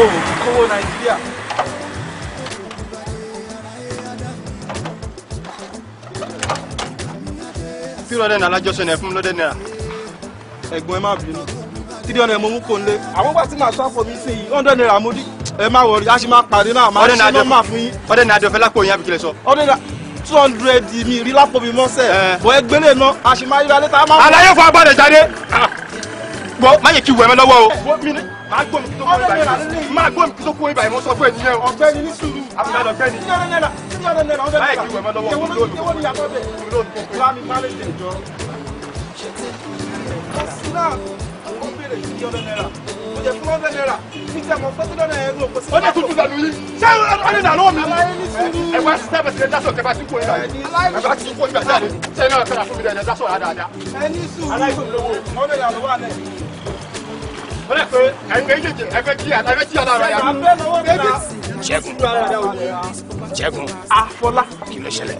owó wò kí kówó nàìjíríà. tí lọ́dẹ̀ náà alájọsọ náà fún lọ́dẹ̀ náà ẹ̀gbọ́n ẹ má bínú three hundred mo mú kó n lé àwọn gbà tí màá sọ àpò mi sí yìí hundred naira mo dí ẹ má wọrí a sì máa pàdé náà máa ṣí nọ́mbà fún yín. ọdẹ náà àdìọ̀fẹ́ lápò yín abikilẹ̀ sọ. ọdẹ náà two hundred mi rí lápò mi mọ́sẹ̀ bọ́ ẹ gbélé náà a sì máa yíra létà. àlàyé fún agbọ́dẹ̀ jáde ah. gbọ́ má yẹ kí wẹ̀ mẹ́ lọ́wọ́ o máa gbọ́ mi kí tó kó ibà yìí máa gbọ́ mi kí tó kó ibà yìí mo sọ fún ẹ nìyẹn o. ọ̀gbẹ́ni ní sùúrù. àbúrò ọ̀gbẹ́ni. ní ọ̀rẹ́ náírà ní ọ̀rẹ́ náírà ọ̀rẹ́ náírà. láì kí wẹ̀ mọ́ lọ́wọ́ mi lóòlù. ìwọ ni yàtọ̀ bẹ̀. lóòlù kò pé. láàmì má lè dè jọ. ọ̀sùnà ó bèrè sí ọ̀rẹ́ náírà ọjọ́ fún ọ̀rẹ́ náírà nígbà mọ̀ fẹ́ tọ́lọ́ náírà ló kó sí. ó ní tuntun dànù yìí ṣé ọ̀rẹ́ náà lọ́wọ́ mi. ẹ wá sí tábà sílẹ̀ dásọ̀ kẹfà tí kò ní báyìí kẹfà tí kò ní báyìí jáde ṣé náà kẹfà fún mi dẹ̀ ẹ dásọ̀ dáadáa. ẹ ní sùúrù ọ̀rẹ́ náà lọ́wọ́ alẹ́ bẹ́ẹ̀ pé ẹgbẹ́ ìjèjì ẹgbẹ́ tí yàrá ẹgbẹ́ tí yàrá rẹ̀ yà. ṣẹ́gun ṣẹ́gun afọlá kí ló ṣẹlẹ̀.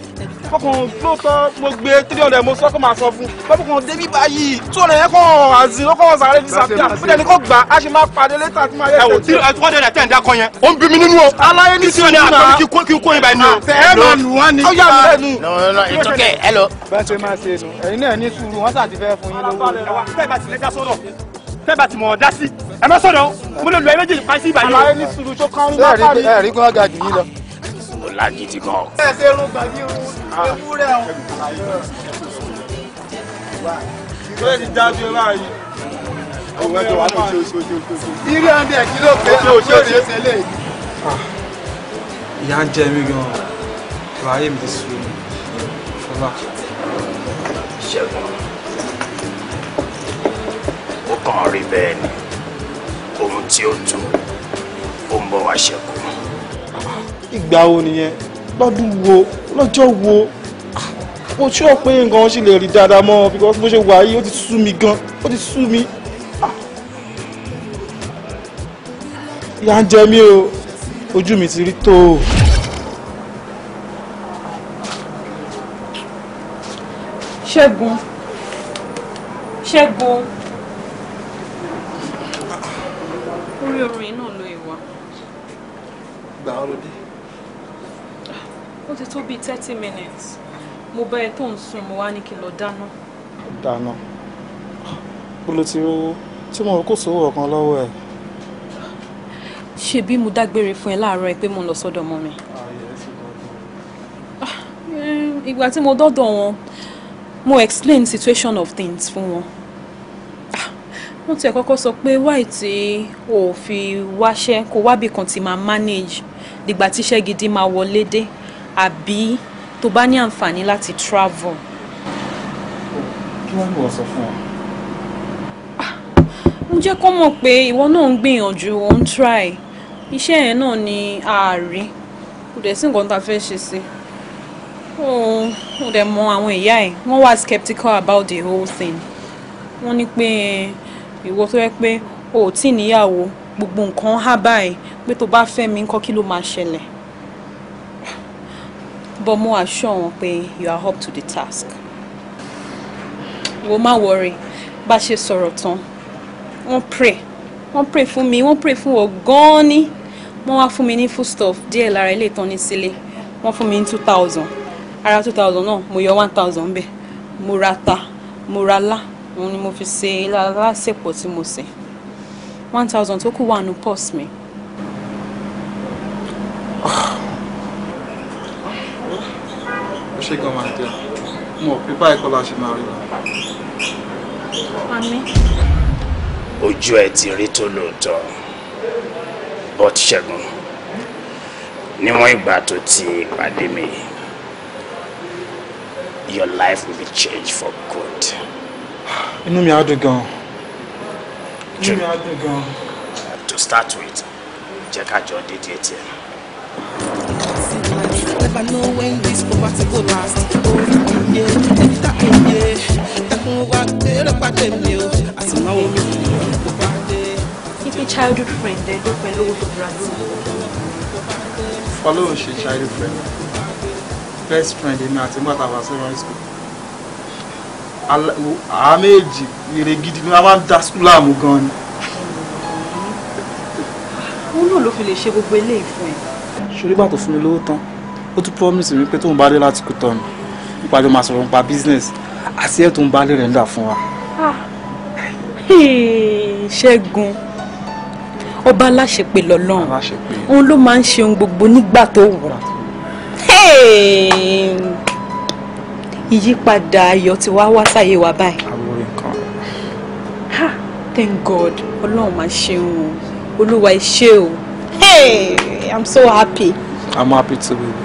fọkàn ló sọ mo gbé three hundred mo sọ kó máa sọ fún fọkàn débi báyìí two hundred yẹn kọ́ àzìn ó kọ́ sàárẹ̀ fi sàbíà fúnjẹ ni kò gbà á ṣe máa pàdé létà tí máa yẹ. ẹwọ tí two hundred and ten dákọ yẹn. ó ń bí mi nínú o. aláyé ní sinmi náà kí kí n kó yín báyìí ni o. ẹ máa nù wọn ni. ó yà mí lẹ́nu. ìtọ́kẹ́ ẹ lọ. bá a ṣe máa ṣe é nu ẹ̀yin náà ní sùúrù wọ́n sà ti fẹ́ fún yín lówó tẹ́bà tí mo dá sí ẹ má sọ̀rọ̀ mo lè lu ẹ méjèèjì pa sí ìbàdàn. àlàyé ní sùúrù tó kán ló bá bá mi. ẹ̀rí gan ga jù yín lọ. mo lájú ti kàn. ẹ ṣe irun gbàgbé ah. ewúrẹ́ o. ìgbẹ́ ti já bí ọlá yìí. ọ̀gbẹ́ tó wà ní oṣù oṣù oṣù oṣù. irú ẹni ẹ̀kí ló pé oṣù oṣù oṣù ṣe lè. ìyá ń jẹ mí gan-an àlàyé mi ti sùn fọlá. ṣẹ́gun kàn rí bẹ́ẹ̀ ni ohun tí ó tó ó ń bọ̀ wá ṣẹ́kù. ìgbà wo nìyẹn lọ́dún wo lọ́jọ́ wo mo ṣọ́ pé nǹkan ṣe lè rí dáadáa mọ́ because mo ṣe wà yìí ó ti sú mi gan ó ti sú mi. ìyà ń jẹ mí o ojú mi ti rí tó o. ṣẹ́gun ṣẹ́gun. tó bíi thirty minutes mo bá ẹ tó ń sùn mo wá ní kí n lọ dáná. dáná ó ló ti rówó tí mo kò sówó ọ̀kan lọ́wọ́ ẹ̀. ṣebí mo dágbére fún ẹ láàárọ̀ ẹ pé mo ń lọ sọ́dọ̀ ọmọ mi. Ah, ah, eh, ìgbà tí mo dọ́dọ̀ wọn mo explain situation of things fún wọn ah, wọ́n ti ẹ̀ kọ́kọ́ sọ pé wáì tí o ò fi wáṣẹ́ kó wábì kan ti máa manage dìgbà tíṣẹ́ gidi máa wọlé dé àbí tó bá ní àǹfààní láti travel. kí wọ́n ní wọ́n sọ fún ọ. Ah, mo jẹ́ kó mọ̀ pé ìwọ náà ń gbìyànjú ò ń try iṣẹ́ yẹn náà ni ààrí kò dẹ̀ sí nǹkan tá a fẹ́ ṣe sí ó dẹ̀ mọ àwọn ìyá ẹ̀ wọ́n wà skeptical about the whole thing wọ́n ní pé ìwọ tó yẹ pé o ò tí ì níyàwó gbogbo nǹkan há báyìí pé tó bá fẹ́ mi ńkọ́ kí ló máa ṣẹlẹ̀ but more assure wọn pé you are up to the task. wo má worry bá ṣe sọ̀rọ̀ tán wọ́n pray wọ́n pray fún mi wọ́n pray fún wọn gan-an ni wọ́n wá fún mi ní food stuff díẹ̀ lára ilé ìtọ́ni sílé wọ́n fún mi ní two thousand ara two thousand náà mo yọ one thousand bẹ́ẹ̀ mo ra ta mo ra lá òun ni mo fi ṣe lálásèpọ̀ tí mo sè one thousand tó kù wà nù pọ́s mi. ṣé gan máa jẹ mo pípa ẹ̀kọ́ la ṣe máa rí wa. ojú ẹ ti rí tó lóòótọ́ bọ́t ṣẹ́gun ti pàdé mi your life will be changed for good. Inu mi á dùn gan-an mi á gan to start with jẹ́ ká jọ dédé tiẹ̀. I know when this poverty go last. Oh, yeah, ẹ̀dá ẹ̀yẹ. Ẹkún wa kéré pàdé mi o, àti máa childhood friend ẹ eh? ló pẹ̀lú owó tó bra sí. Fọlọ́ childhood friend. Best friend èmi àti Mbàtà wà secondary school. Àá méjì wèrè gidi ni wọ́n máa ń da skul àmú gan ni. Òun náà ló fi lè ṣe gbogbo eléyìí fún ẹ. Ṣorí bàtò fún mi lówó tán ó tún promise mi pé tóun bá dé láti kú tọ́nu nípa ló máa sọ̀rọ̀ nípa business àti ẹ̀ tóun bá lè rẹ̀ ń dà fún wa. Ah, ṣẹ́gun ọba aláṣepé lọ́lọ́run òun ló máa ń ṣe ohun gbogbo nígbà tó wù ú ìyípadà ayọ̀ ti wá wá sáyé wa báyìí. thank god ọlọ́run máa ṣeun o olúwa ẹ ṣé o hey i'm so happy. i'm happy too baby.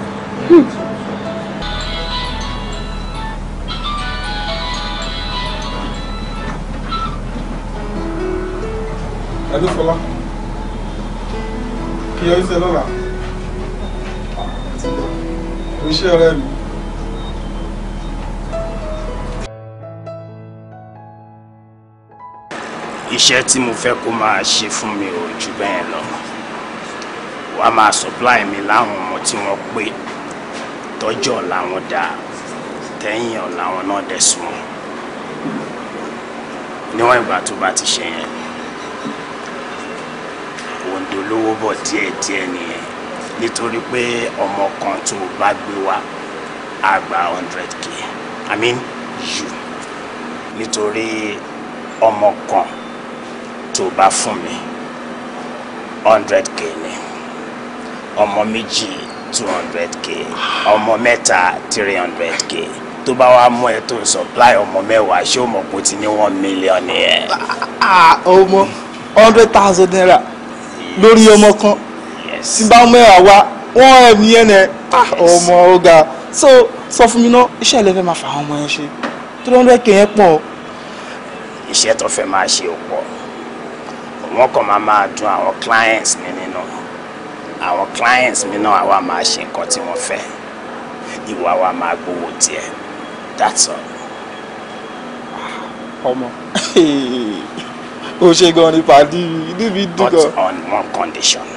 Adó Fọlá, kí ọ ìṣẹ́ lọ́la, oníṣẹ́ ọ̀rẹ́ mi. Iṣẹ́ tí mo fẹ́ kó máa ṣe fún mi ò jù bẹ́ẹ̀ lọ. Wàá máa supply mi láwọn ọmọ tí wọ́n pé tọ́jú ọ̀la wọn dá tẹ́yìn ọ̀la wọn náà dẹ̀ sùn níwọ̀n ìgbà tó bá ti ṣe yẹn òǹdó lówó bọ̀ díẹ̀díẹ̀ nìyẹn nítorí pé ọmọ kan tó bá gbé wa á gba hundred k i mean you nítorí ọmọ kan tó bá fún mi hundred k ni ọmọ méjì yìí two hundred k ọmọ mẹ́ta three hundred k tó bá wàá mú ẹ tó ń supply ọmọ mẹ́wàá ṣé o mọ̀ pé o ti ní one million yẹn. ọmọ ah, ah, hundred thousand naira lórí ọmọ kan tí bá mẹ́wàá wá wọ́n ẹ̀ ní ẹ̀ nẹ́ ọmọ ọ̀gá so sọ fún mi náà iṣẹ́ ìlẹ́fẹ̀ẹ́ máa fà àwọn ọmọ yẹn ṣe three hundred k yẹn pọ̀. iṣẹ́ tó fẹ́ máa ṣe ò pọ̀ wọ́n kàn máa máa dun àwọn clients nínú àwọn clients mi náà àwa máa ṣe nǹkan tí wọ́n fẹ́ ìwà wa máa gbowó tiẹ̀ that's all. ọmọ o ṣe gan ni pàdé níbi dùn but on one condition.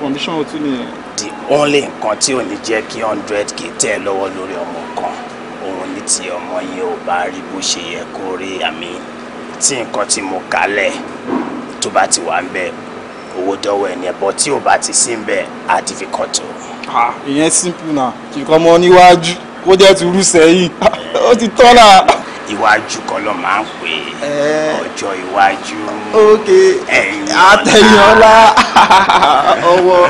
condition o tún nìyẹn. the only nǹkan tí ò ní jẹ́ kí hundred k tẹ̀ lọ́wọ́ lórí ọmọ kan òun ní ti ọmọ yẹn ò bá rí bó ṣe yẹ kó rí àmì tí nǹkan tí mo kalẹ̀ tó bá ti wà ń bẹ́ẹ̀ owó dọ́wọ́ ẹni ẹ̀ bọ́ tí ò bá ti sí bẹ́ẹ̀ á di fi kàn tó. ìyẹn simple na kíkọ́ ọmọ níwájú kó jẹ́ ti rú sẹ́yìn ó ti tọ́ náà. iwájú kan ló máa ń pè é ọjọ́ iwájú ẹ̀yìn ọ̀la àtẹ̀yìn ọ̀la ọwọ́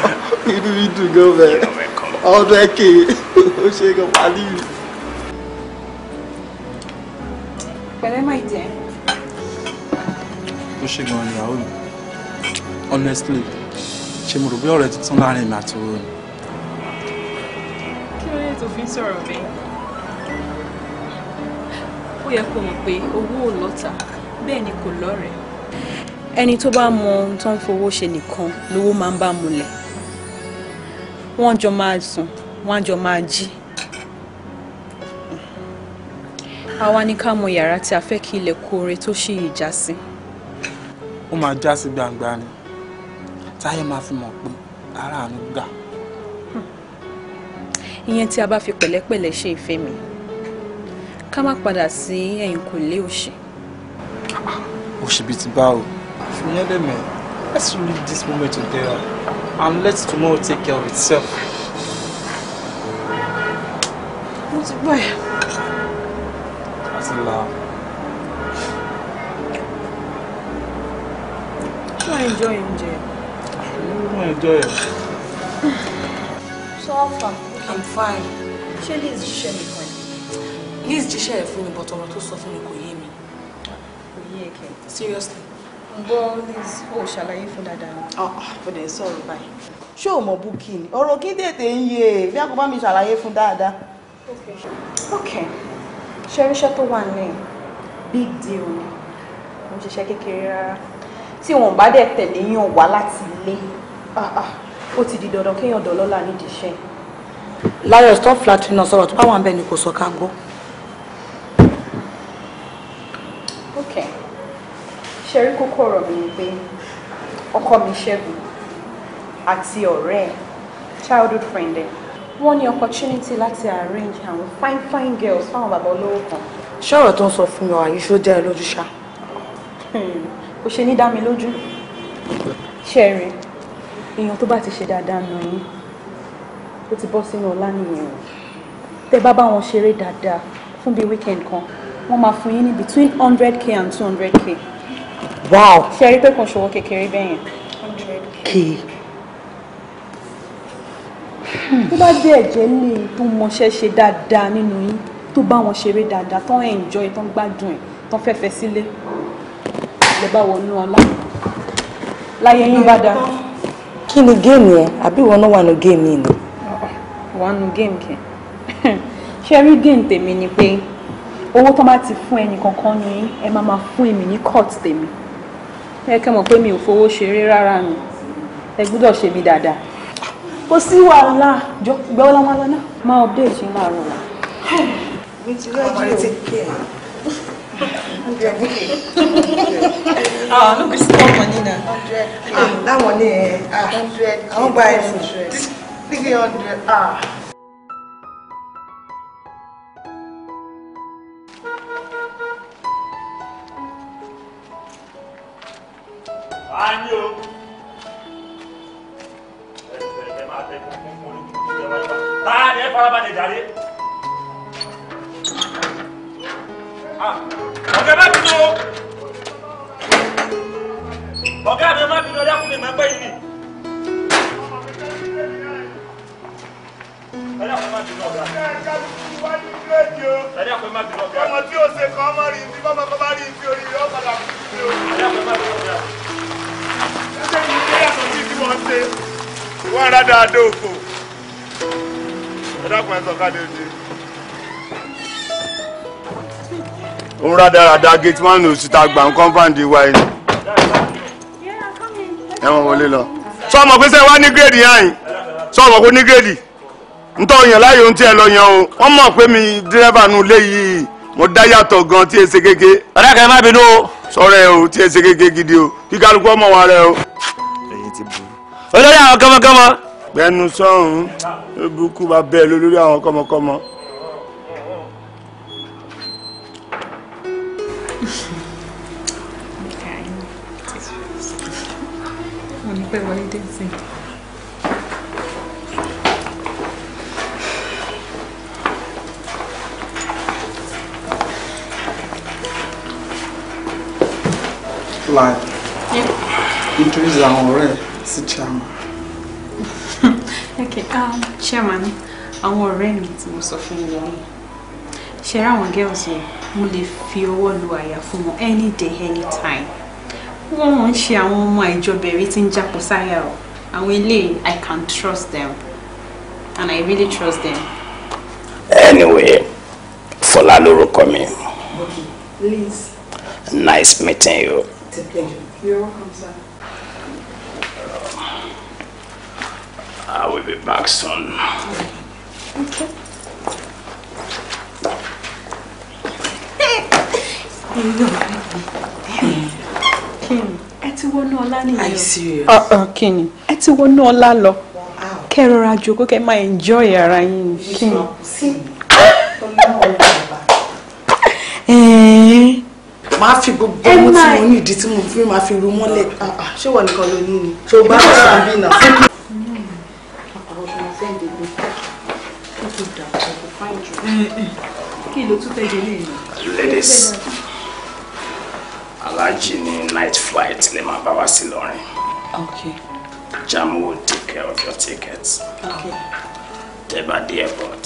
inú mi dùn gan bẹ́ẹ̀ ọdún ẹ̀kẹ́ ó ṣe é gan pálí. pẹ̀lẹ́ máa jẹ́. ó ṣe gan-an ìyàwó mi honestly ṣe mo rò bí ọ̀rẹ́ tuntun láàrin mi àti owó mi. kí ló dé tó fi ń sọ̀rọ̀ bẹ́ẹ̀? ó yẹ kó mọ̀ pé owó ò lọ́tà bẹ́ẹ̀ ni kò lọ́rẹ̀ẹ́. ẹni tó bá mọ ohun tó ń fowó ṣe nìkan lówó máa ń bá múlẹ̀ wọ́n jọ máa sùn a fẹ́ kí ilẹ̀kùn oore tó ṣì yìí já sí. ó gbangba ni táyé máa fi mọ̀ pé ara àánú gbà. ìyẹn tí a bá fi pẹ̀lẹ́pẹ̀lẹ́ ṣe ìfẹ́ mi ká má padà sí ẹ̀yìn kò lé òṣì. òṣì bíi ti lẹ́mẹ̀ let's leave this moment together and let tomorrow take care of itself. mo ti gbọ́ ẹ̀. àti enjoy, enjoy. You enjoy it. So far? I'm fine. Ṣé is jíṣẹ́ mi kan? Liz jíṣẹ́ ẹ̀ fún mi, but ọ̀rọ̀ tó sọ fún mi kò yé mi. Seriously. Ǹgbọ́ Liz, ó ṣàlàyé fún dáadáa. Ó ah, ah, dẹ̀ sọ̀rọ̀ báyìí. Ṣé o mọ̀ búkì ni? Ọ̀rọ̀ kí tètè yeah. We e, bí a kò bá mi ṣàlàyé fún dáadáa. Ok. Ṣé iṣẹ́ tó wà big deal ni? Mo ṣiṣẹ́ kékeré rárá tí wọn bá dẹ̀ tẹ̀lé yàn wá láti ilé ah, ah. ó ti di dandan kéèyàn dọ̀lọ́lá nídìí iṣẹ́. láyọ̀ stop flattening náà sọ̀rọ̀ tó bá wà ń bẹ̀ ni kò sọ ká gbọ́. ok ṣe rí kókó ọ̀rọ̀ mi ni pé ọkọ mi ṣẹ́gun àti ọ̀rẹ́ ẹ̀ childhood friend ẹ̀ wọ́n ní opportunity láti arrange àwọn fine fine girls fáwọn bàbá olówó kan. ṣé ọ̀rọ̀ tó ń sọ fún mi ọ̀ àyíṣó jẹ́ ẹ lójú ṣá. Hmm ó ṣe ní dá mi lójú ṣẹ́ẹ̀rì èèyàn tó bá ti ṣe dáadáa nù yín ó ti bọ́ sínú ọlá nìyẹn o tẹ bá bá wọn ṣeré dáadáa fún bíi weekend kan wọ́n máa fún yín ní between hundred k and two hundred k. wow ṣẹ́ẹ̀rì pé kò ṣòwò kékeré bẹ́ẹ̀ yẹn. k. tó bá dé ẹ̀jẹ̀ lè e tó mọṣẹ́ ṣe dáadáa nínú yín tó bá wọn ṣeré dáadáa tó ń enjoy tó ń gbádùn ẹ̀ tó ń fẹ́fẹ́ sílé lè bá wọnú ọlá láyé yín bá dáa. kí ni géèmù yẹn àbí ìwọ náà wà nù géèmù yìí ni. wà nù géèmù kẹ ṣé rí géèmù tèmi ni pé owó tó bá ti fún ẹnì kankan ni ẹ máa máa fún èmi ní court tèmi ẹ kẹ́ mọ̀ pé mi ò fowó ṣeré rárá mi ẹ gbọ́dọ̀ ṣe mi dáadáa. kò sí wàhálà jọ gbẹ́wọ́ lámàlá náà máa update yín láàárọ̀ la. mi ti rẹ́jú o ah no go stop money na. ah that one I ah buy. gba ẹ̀sìn three hundred ah. gate man oṣù tá a gbà ń kọ́ńpáǹdì wa yìí ẹ wọn wọlé lọ. sọ ọmọ pé sẹ́wọ́n á ní gírèdì yẹn àyìn sọ ọmọ kó ní gírèdì ntọ́ yàn láyé ohun tí ẹ lọ yan o wọ́n mọ̀ pé mi dírẹ́bà nu lé yìí mo dá yàtọ̀ gan tí èsè kéke. ọ̀rẹ́ kan má bínú o. sọ̀rọ̀ ẹ o tí èsè kéke gidi o kí kálukú ọmọ wa rẹ o. olórí àwọn kọmọkọmọ. gbẹnu sọ̀hún ebukú bá bẹ́ẹ̀ lórí àwọn kọmọkọmọ. mo ní pẹ́ wọlé dé sí i. fly. Yeah. Introduce our ọ̀rẹ́ sí chairman. okay, um, chairman, àwọn ọ̀rẹ́ mi tí mo sọ fún yín. Ṣé girls yẹn? mo lè fi ọwọ́ lu àyà fún wọn any day any time wọ́n wọ́n ń ṣe àwọn ọmọ àìjọbẹ̀rẹ̀ tí ń jápọ̀ sáyà o àwọn eléyìí I can trust them and I really trust them. anyway Fọlá lórúkọ mi. Okay. Please. Nice meeting you. It's a pleasure. You're welcome, sir. I will be back soon. Okay. okay. ẹ ti wọnú ọlá nìyẹn o uh-uh, kí ni ẹ ti wọnú ọlá lọ kẹ́ rọra jókòó kẹ́ máa enjoy ara yín kí ni. máa eh? fi gbogbo ọmọ tí mo ní ìdí tí mo fi máa fi ru mọ́lẹ̀ ah, ah. ṣé wọ́n nìkan ló ní ni tó bá wà sábì náà. Kí ló tún fẹ́ jẹ lẹ́yìn? Ladies aláàjì ní night flight lè máa bá wá sí lọ́rin. okay. Jam will take care of your tickets. okay. tẹ́ bá airport.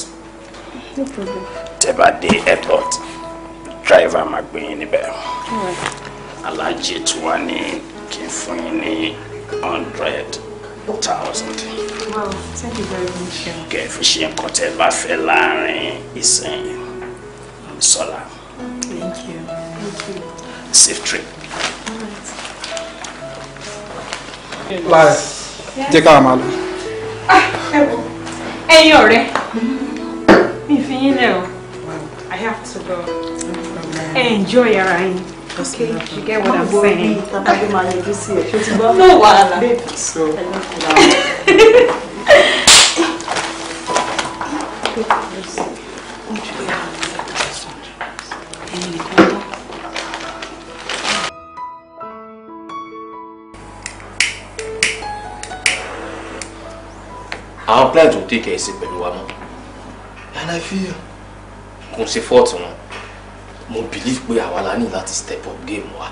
no problem. tẹ́ bá airport driver ma gbé yín níbẹ̀. aláàjì tí wàá ní kí n fún yín ní hundred thousand. wow thank you very much. kẹ́ ẹ fi ṣe nǹkan tẹ́ bá fẹ́ láàrin ìsìn sọ́la. thank you. Thank you safe trip. láyé jẹ́ ká máa lọ. Ah, ẹ̀yin ọ̀rẹ́ mi fi yín lẹ o i have to go enjoy ara yín. Okay, you get what I'm saying. No, wàhálà. àwọn client ò take ẹ̀ sí pẹ̀lú wa mọ́ and I feel kò ṣe fault wọn belief, believe pé àwa la ní láti step up game wa.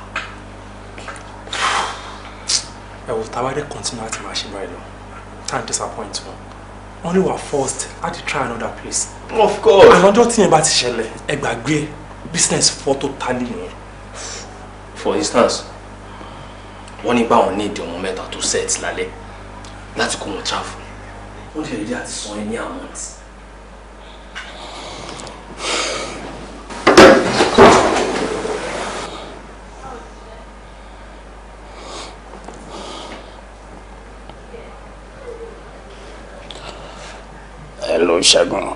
ẹ wò táwa dé continue láti máa ṣe báyìí lọ time disappoint wọn wọn lè wà forced láti try another place. of course. Another thing about bá ti ṣẹlẹ̀ ẹ business fọ́ tó for instance one ní báwọn need ìdí ọmọ to set lálẹ́ láti kó travel wọ́n ti rẹ̀dí àti san ẹni amount. Hello Ṣẹ́gun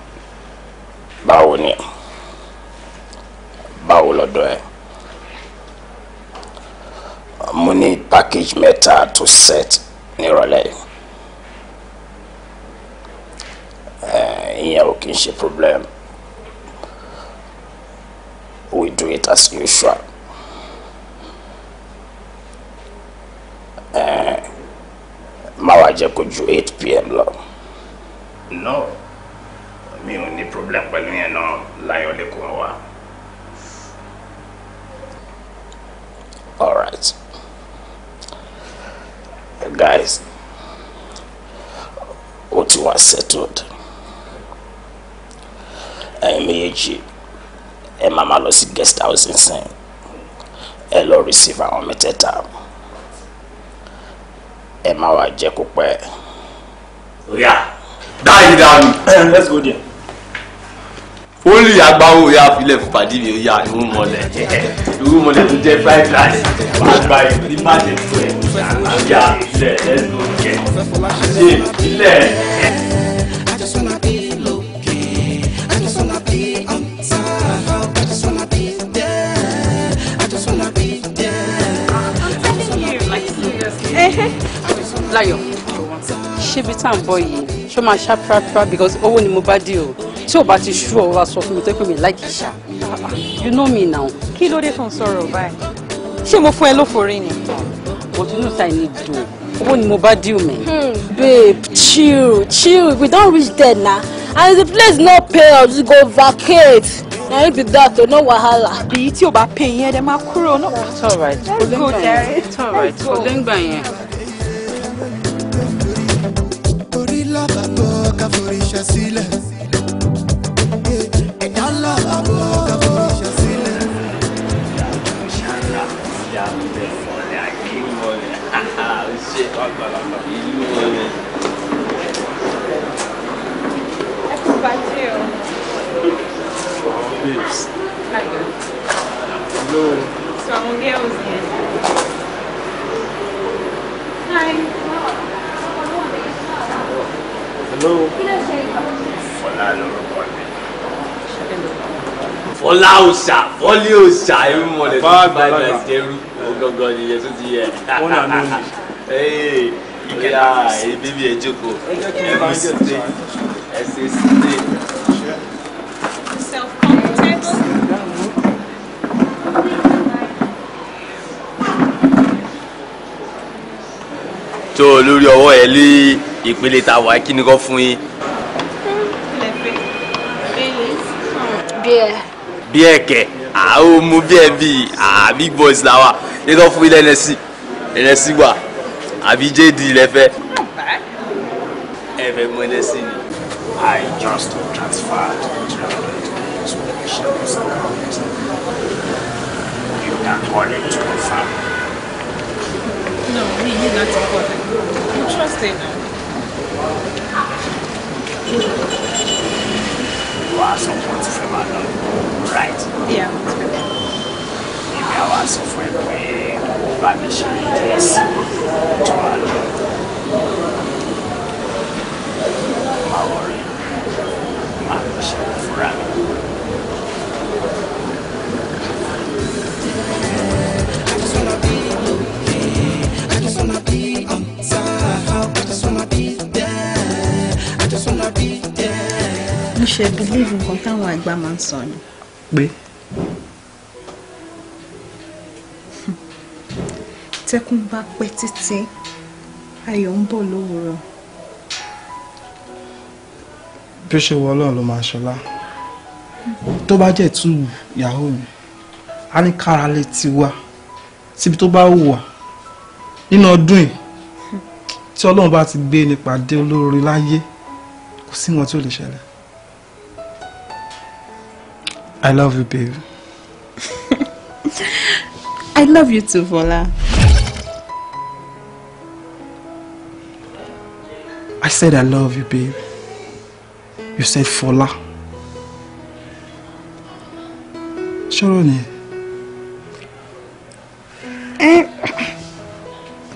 báwo ni báwo lọ́dọ̀ ẹ mo ní package mẹ́ta to set nírọ̀lẹ́ yìí. Eh, ìyẹn ò kì í ṣe problem we do it as usual. Eh, máa wá jẹ́ kó ju eight pm lọ. no mi ò ní problem pẹ̀lú yẹn náà láyọ̀ lẹ́kọ̀ọ́ wa. all right guys ó ti wá settled ẹ̀yin méjèèjì ẹ máa máa lọ sí guest house nsìn ẹ lọ receive àwọn mẹ́tẹ̀ẹ̀ta ẹ máa wá jẹ́ kó pẹ́. oya dáì dànù. let's go there. ó lè agbáwo oya àfilẹ̀ fún pàdé mi oya ìwú mọ̀lẹ̀ ìwú mọ̀lẹ̀ tó jẹ́ fried rice wà á gba ìwé ní májèlú ẹ̀ oya ilẹ̀ let's go there ṣe ilẹ̀. láyọ̀ ṣébi tá à ń bọ̀ yìí ṣó máa ṣá pírápírá because owó ni mo bá dé o tí ò bá ti ṣú ọ̀rọ̀ aṣọ fún mi tó pè mí láìkì ṣá you know me now. kí ló dé tó ń sọ̀rọ̀ báyìí ṣé mo fún ẹ lóforí ni. òtúnú ta ni dùn owó ni mo bá dé o mẹ́. Hmm. babe chill chill we don reach there na and the place no pay us we go vacate na it be that o no wahala. àbí tí o bá pè yẹn ẹ dẹ máa kúrò náà. it's alright kò lè gbà yẹn it's alright kò lè gbà yẹn. iṣẹ́ sílẹ̀. ẹ̀dá ńlá àbọ̀ àbọ̀ iṣẹ́ sílẹ̀. Babes. Hello. So I'm girls here. ló. fọlá lorúkọ mi. fọlá òòṣà fọlí òòṣà ẹrú mọlẹ tó ti bá ẹ jẹrú ọgọgọ nìyẹn tó ti yẹ. wọn náà ló ń bì. ìyá ebi mi ẹ jókòó ẹbí sílé ẹsẹ sílé. tó lórí ọwọ́ ẹ lé ìpele tá wà kí ni kò fún yín. bíẹ̀. bíẹ̀ kẹ̀ àwọn ọmọ bíẹ̀ bíi big boys la wa ní kò fún yín lẹ́nẹ̀sì lẹ́nẹ̀sì wà àbí jd lẹ́fẹ́. ẹ fẹ́ mọ lẹ́sìn ni. I just transferred three hundred million to the shares of You can call it to confirm. No, we need not to call it. You trust it now. waso kwenzifemano right yeah ibeyawazi fwekubamishaitesi twalo mawori mamishaifurami ń ṣe believe nǹkan táwọn àgbà máa ń sọ ni. pé. tẹ́kùn bá pẹ́ títí ayọ̀ ń bọ̀ lówùúrọ̀. bí ó ṣe wọ ọlọ́run ló máa ṣọlá tó bá jẹ́ tú ìyàwó mi a ní kára lè ti wá síbi tó bá wù nínú ọdún yìí tí ọlọ́run bá ti gbé nípàdé olóore láyé kò sí wọn tí ò lè ṣẹlẹ̀. I love you, babe. I love you too, Vola. I said I love you, babe. You said Fola. Ṣọ́rọ̀ Eh,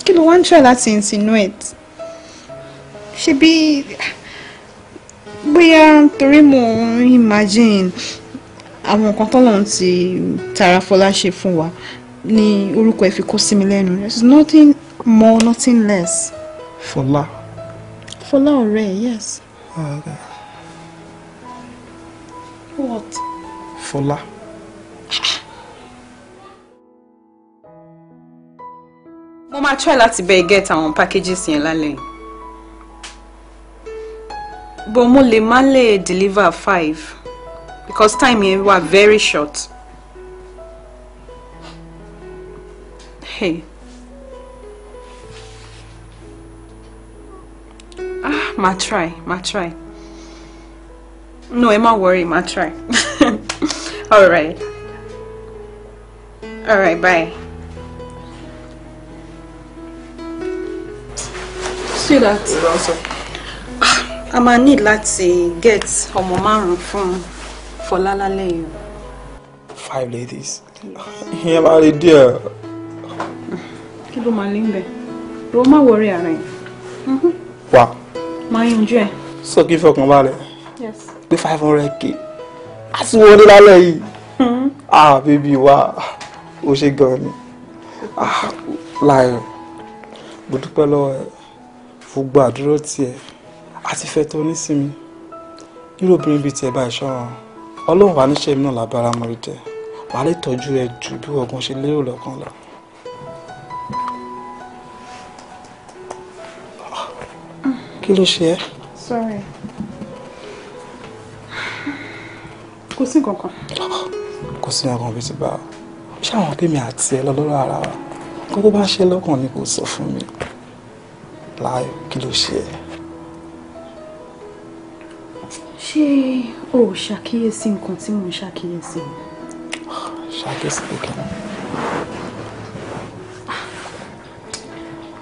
kí ló wá try láti insinuate? Ṣebí bóyá torí three more. imagine àwọn nǹkan tọ́lọ́run ti tara fọlá ṣe fún wa ni orúkọ ẹ̀ fi kó sí mi lẹ́nu there is nothing more nothing less. fọlá. fọlá ọ̀rẹ́ yes. Ah, okay. what. fọlá. mo máa try láti bẹ́ẹ̀ get àwọn packages yẹn lálẹ́ yìí but mo lè má lè deliver five because time here were very short. Hey. Ah, ma try, ma try. No, ẹ má worry, ma try. All right. All right, bye. See that? I'm gonna need láti get a moment ún fún Fọlá lálẹ́ yìí. Five ladies. Here, my rí díẹ̀. Kí ló máa lé ń bẹ̀? Ro My wọrí ara ẹ̀. Mhm. Wà. Máa yanjú ẹ̀. Sọ five hundred k. A ti wọlé lálẹ́ yìí. Mhm. Ah baby, wa, o ṣe gan ni. Ah, Láyọ̀, mo dúpẹ́ lọ́wọ́ ẹ̀. Fògbà àdúró tiẹ̀. A ti fẹ́ tó nísìnyí. Irú obìnrin bíi tiẹ̀ bá ìṣọ́ wọn ọlọ́run wà níṣẹ́ mi náà lábára mọ́ rí tẹ́ wàá lè tọ́jú ẹ ju bí ọgbọ́n ṣe lérò lọ́kàn lọ. kí ló ṣe ẹ́. sorry kò sí nǹkan kan. kò sí nǹkan kan bí ti bá ọ ṣé àwọn pèmí àti ẹ lọ́lọ́rọ̀ ara wa kó tó bá ṣe lọ́kàn ni kò sọ fún mi láàyò kí ló ṣe ẹ́. ṣé o ò ṣàkíyèsí nǹkan tí mò ń ṣàkíyèsí? ṣàkíyèsí pé kí ni.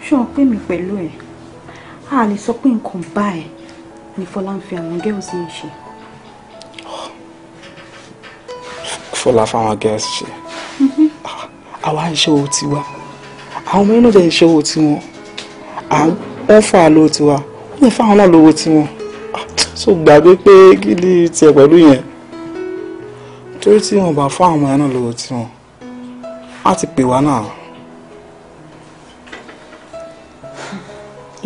ṣé wọn pè mí pẹ̀lú ẹ̀ a lè sọ pé nǹkan báyìí ni Fọlá ń fi àwọn girls yìí ṣe. Fọlá fáwọn girls ṣe mm-hmm. àwa ń ṣe owó tiwa àwọn ọmọ inú dẹ̀ ń ṣe owó tiwọn wọ́n fà á lówó tiwa wọ́n lè fáwọn náà lówó tiwọn so gbàgbé pé kí ni tiẹ̀ pẹ̀lú yẹn torí tí wọn bá fún àwọn ọmọ yẹn náà lọ́wọ́ tí wọn á ti pè wá náà.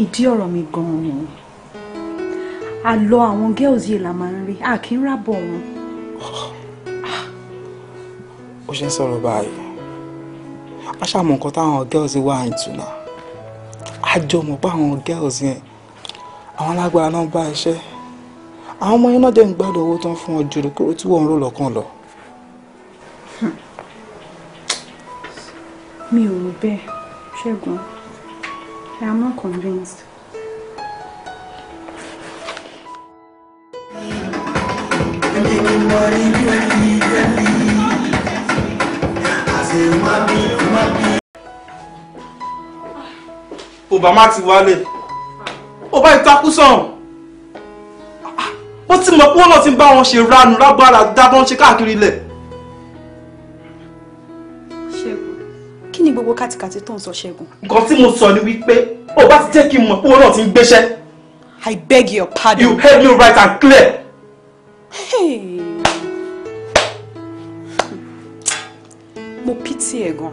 ìdí ọ̀rọ̀ mi gan-an àlọ àwọn girls yìí la máa ń rí a kì í rábọ̀ wọn. ó ṣe ń sọ̀rọ̀ báyìí a ṣàmọ̀ nǹkan táwọn girls wà ń tùnà a jọ mọ̀ pé àwọn girls yẹn àwọn alágbára náà bá iṣẹ́ àwọn ọmọ yẹn náà dẹ̀ ń gbádùn owó tó ń fún ọ jù lókòrò tí wọ́n ń rò lọ́kàn lọ. mi ò rò bẹ́ẹ̀ ṣẹ́gun I am not convinced. Obama ti wálé. Ó bá ìtakú sọ̀rọ̀ ó ti mọ̀ pé wọ́n náà ti bá wọn ṣe ranu lágbára dábọ́n ṣe káàkiri ilẹ̀. ṣẹ́gun kí ni gbogbo kàtìkàtì tó ń sọ ṣẹ́gun. nǹkan tí mo sọ ni wípé ó bá ti jẹ́ kí n mọ̀ pé wọ́n náà ti ń gbéṣẹ́. I beg your pardon. You heard me right and clear. Hey. mo pity ẹ gan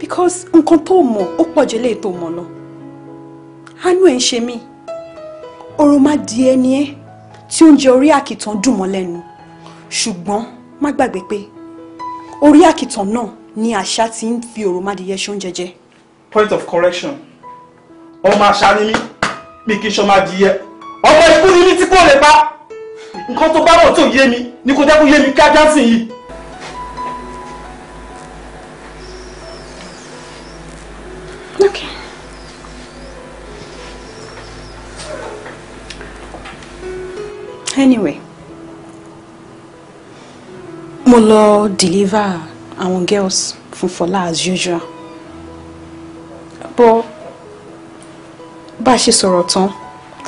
because nǹkan tó mọ̀ ó pọ̀ jẹ́ léètò mọ̀ lọ àánú ẹ̀ ń ṣe mí ọ̀rọ̀ má di ẹni ẹ́ tí oúnjẹ orí àkìtàn dùn mọ́ lẹ́nu ṣùgbọ́n má gbàgbé pé orí àkìtàn náà ni àṣà ti ń fi òròmọdìyẹ ṣoúnjẹ jẹ. point of correction ọmọ àṣà ni mí mi kì í ṣọmọ adìyẹ ọmọ ikú ni mí tí kò lè bá nǹkan tó bá bọ̀ tó yé mi ni kò jẹ́ kó yé mi ká dáńsìn yìí. anyway mo lọ deliver àwọn girls fún Fọlá as usual but bá a ṣe sọ̀rọ̀ tán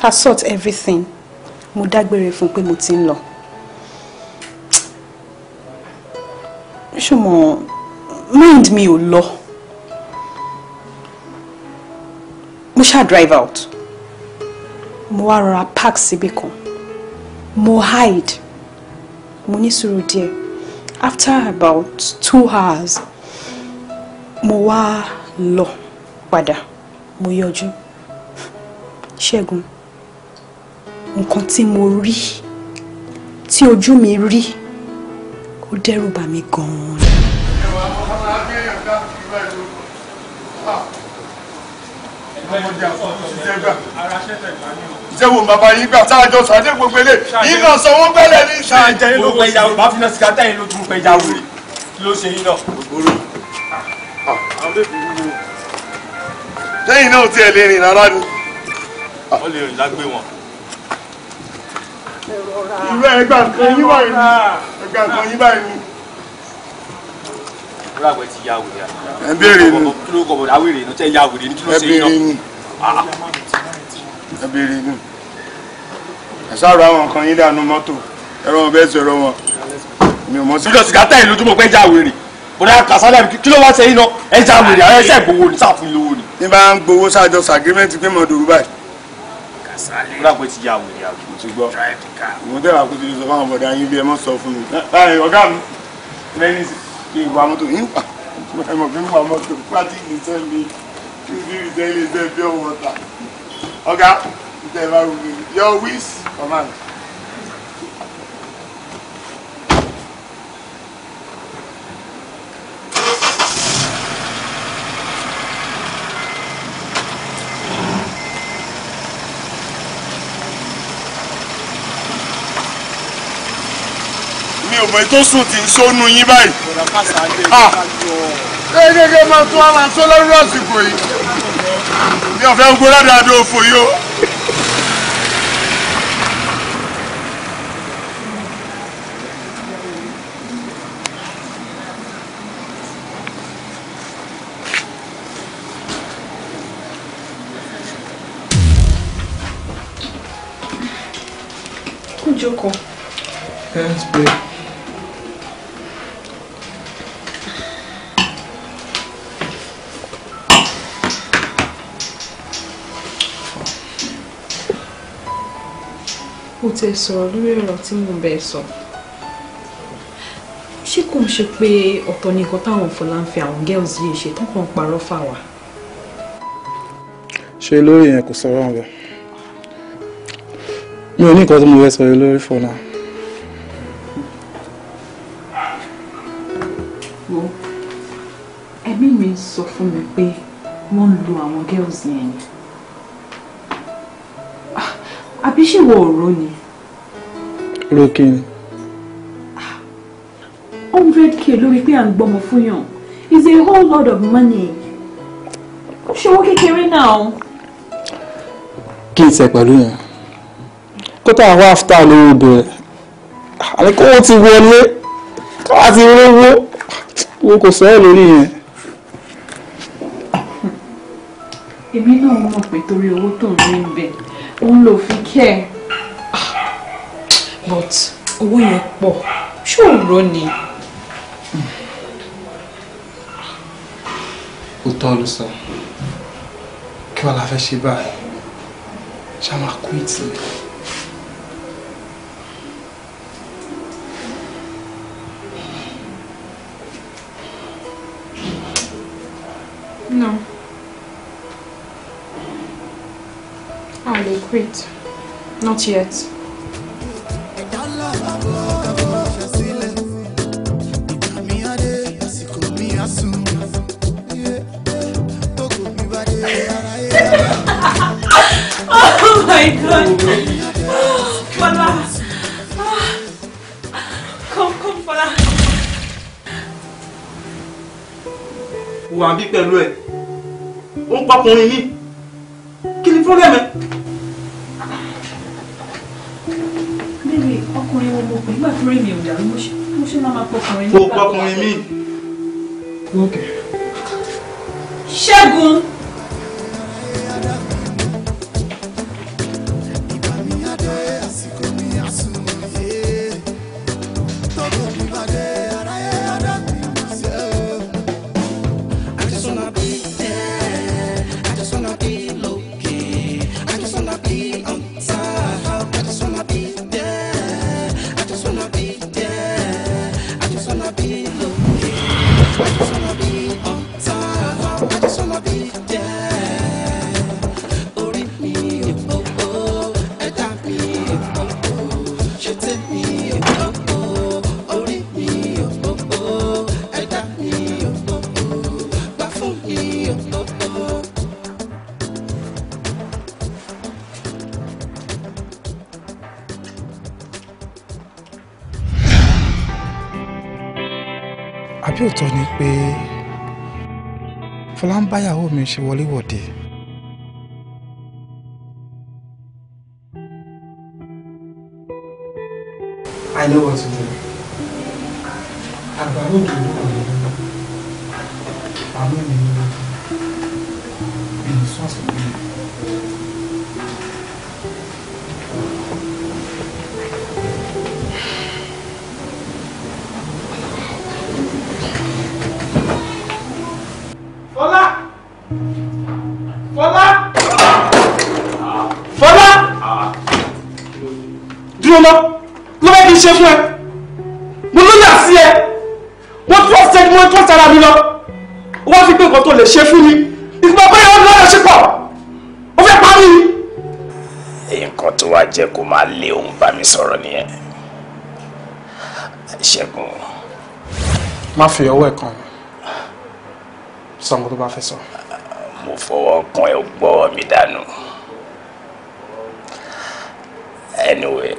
ta sort everything mo dágbére fún pé mo ti ń lọ ṣùgbọ́n mind mi ò lọ mo ṣáà drive out mo wá rọra park síbì kan mo hide mo after about two hours mo wá lọ padà mo yọjú ṣẹ́gun nǹkan tí mo rí tí ojú mi rí ó dẹ́rù bà mí gan-an. Ara ṣẹ́tẹ̀ gbà ní o ṣé bàbá yín gbà sáájọ sàdé gbogbo ilé yín sọ wọn gbẹlẹ ní ìṣe. ló pẹ ìyàwó bá fi náà sìkà táyìn ló tún pẹ ìyàwó rẹ kí ló ṣe yín náà. ògbóró lẹ́yìn ah, ah. náà tiẹ̀ lè rìn rárá ni. Ah. wọ́n lè rìn lágbé wọn. irú ẹgbà kan yín báyìí ni ẹgbà kan yín báyìí ni. ràgbẹ́ ti ya wèrè ẹ béèrè ni kí ló kọ̀ bọ̀dá wèrè ni tẹ́ ya wèrè ni kí ló ṣe yín náà. ẹ béèrè ni. ẹ béèrè ni ẹ̀sàrò àwọn nǹkan yín dànù mọ́tò ẹ̀rọ wọn bẹ́ẹ̀ sọ̀rọ̀ wọn mi ò mọ̀ sí. bíkọ́sì kátà ìlú tó mọ̀ pé ẹja wèrè bóyá kàsálà kí ló wá ṣe yín náà ẹja wèrè àwọn ẹsẹ̀ gbowó ní sáfún lówó ni. ní bá ń gbowó sájọ sàgírímẹ́ǹtì pé mọ̀ọ́dọ̀ rúbà yìí. kàsálà bóyá pé ti ya wèrè àbí. mo ti gbọ́ mo tẹ́lẹ̀ àkótó sọ fáwọn bọ̀dá yín bí ẹ mọ̀ sọ fún mi. báyìí ọ̀gá mi lẹ́yìn ìwà mọ́tò yín pa mọ̀ fún wa mọ́tò Your wills, command. mi ò mọ ètò sùn tí ń sónú yín báyìí. Ah. gẹ́gẹ́ máa tún ara tó lọ́rùn àsìkò yìí mi ò fẹ́ gbó ládàá àdó òfò yìí o. let's pray. ó ti sọ̀rọ̀ lórí ọ̀rọ̀ tí mò ń bẹ sọ ṣé kò ń ṣe pé ọ̀tọ̀ ni nǹkan táwọn fọlá ń fi àwọn girls yìí ṣe tán kàn ń parọ́ fà wá. ṣe lórí yẹn kò sọ̀rọ̀ ọ̀bẹ mi ò ní nǹkan tí mo fẹ́ sọ lórí fọ́nà. sí yẹn ni àbí ṣe wọ ọ̀rọ̀ ni. rokin. hundred k lórí pé à ń gbọ́mọ fún yàn is a whole lot of money ó ṣòwò kékeré náà. kí n tẹ pẹ̀lú yẹn kó tá after lórí obìnrin àní kó wọ́n ti wọlé ká ti rówó wọn kò sọ ọ́ lórí yẹn. èmi náà mọ̀ pé torí owó tó ń rí bẹ̀ òun fi kẹ́ ah, but owó yẹn pọ̀ ṣòro ni. ó tọ́ ló sọ kí wọ́n la fẹ́ ṣe báyìí ṣá máa kú ìtìlẹ̀. No. a ah, they quit not yet. oh my god! Fọlá! Come, come, Fọlá! Wà bí pẹ̀lú ẹ̀, ó ń pọkùnrin mi, kí ni fọ́lẹ́mẹ̀? ọkùnrin wo mo pè nígbà tó rí mi ò dàrú mo ṣe máa máa pọkùnrin nígbà tó rí mi. ṣẹ́gun. wá ń báyàwó mi ṣe wọléwọ̀de. I know what to do. Àgbà mi dùn ún. ṣe fún ẹ mo lóyà sí ẹ mo tún ọ̀sẹ̀ mo tún ọ̀sẹ̀ ara mi lọ wọ́n fi pé nǹkan tó lè ṣe fún mi ìfúnpá bẹ́ẹ̀ wọ́n lọ́yọ̀ ṣe pọ̀ ó fẹ́ parí. nǹkan tó wá jẹ́ kó máa lé òun bá mi sọ̀rọ̀ nìyẹn ṣẹ́gun. má fi ọwọ́ ẹ̀ kan sọ tó bá fẹ́ sọ. mo fọwọ́ kan ẹ gbọ́ mi dànù. anyway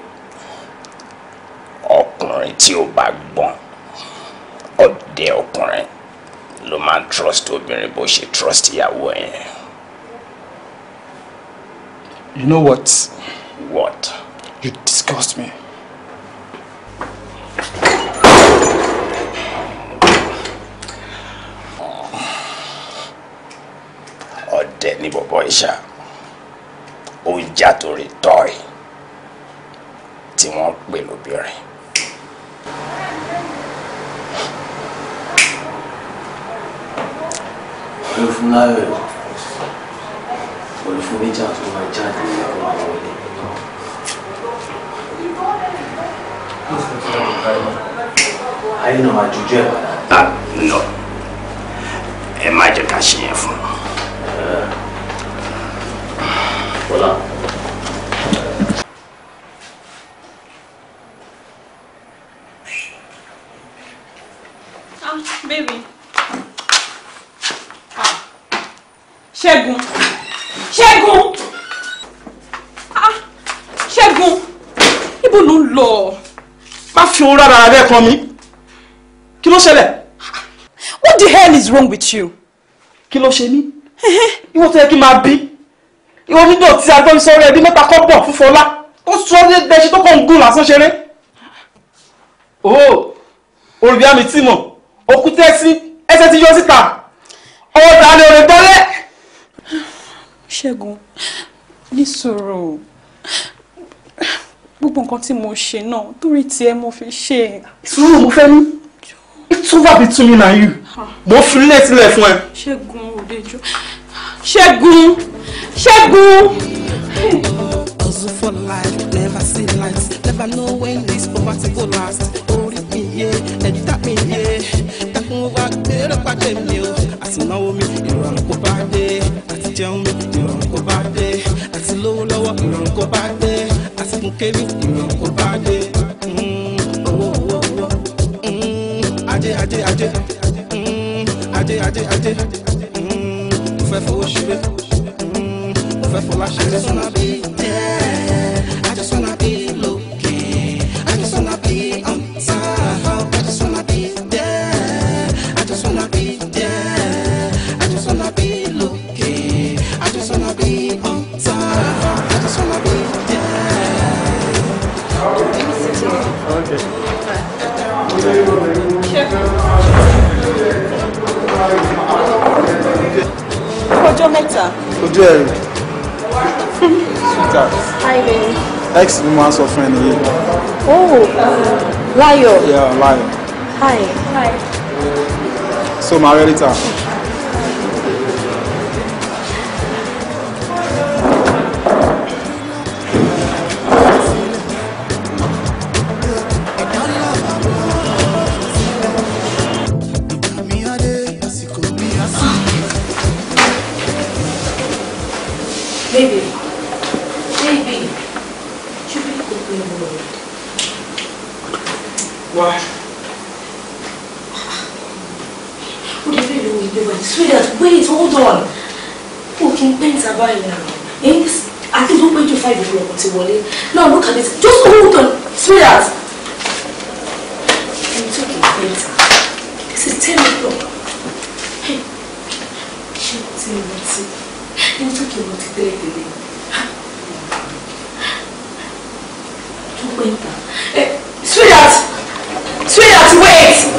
ọkùnrin tí ó bá gbọ́n ọdẹ ọkùnrin ló máa trust obìnrin bó ṣe trust ìyàwó ẹ̀. you know what. what. you disgust me. ọdẹ ni bọ̀bọ̀ ìṣá ó ń jà torí tọ́ì tí wọ́n pè lóbìnrin. fún láyọ̀ ẹ̀ mo lè fún méjì àti máa jáde ní àwọn àwọn ilé ayé náà máa jojú ẹ̀ padà. Ah, nọ ẹ má jẹ ká ṣe yẹn fún un. Voilà. fi òun rárá rẹ kan mi kí ló ṣẹlẹ̀. what the hell is wrong with you. kí ló ṣe mí ìwọ tó yẹ kí n máa bí ìwọ nígbà tí agbẹnusọ rẹ bí mẹ́ta kọ bọ fún Fọlá ó sọ ní bẹṣẹ tó kàn ń gùn lásán ṣeré. ooo olùbíà mi ti mọ òkúta ẹsìn ẹsẹ̀ ti yọ síta ọwọ́ ta ni òrè tọ́lẹ̀. ṣẹ́gun ní sọ̀rọ̀ gbogbo nǹkan tí mo ṣe náà torí tiẹ̀ mo fi ṣe. ìṣòro mo fẹ́ ní it's over between me and you mo fi ilé sílẹ̀ fún ẹ. ṣẹ́gun òdejo ṣẹ́gun ṣẹ́gun. for life, never see lights, never know when this poverty go last. Orí mi yé, ẹ̀dá mi yé, ẹkún wa gbèrò pàdé mi o. Àti náwó mi, ìrọ̀rùn kò bá dé. Àti jẹun mi, ìrọ̀rùn kò bá dé. Àti lówó lọ́wọ́, ìrọ̀rùn bá dé kébì kò bá dé. owó owó owó ajé ajé ajé hmm. ajé ajé ajé hmm. mo fẹ́ fowó ṣeré hmm. mo fẹ́ fọlá ṣeré. jẹ́rìí. Hi, baby. Ex mi máa ń sọ Oh, Láyọ̀. Yeah, Láyọ̀. Hi. Hi. So, my relative. me. Eh, sweetheart! Sweetheart, wait!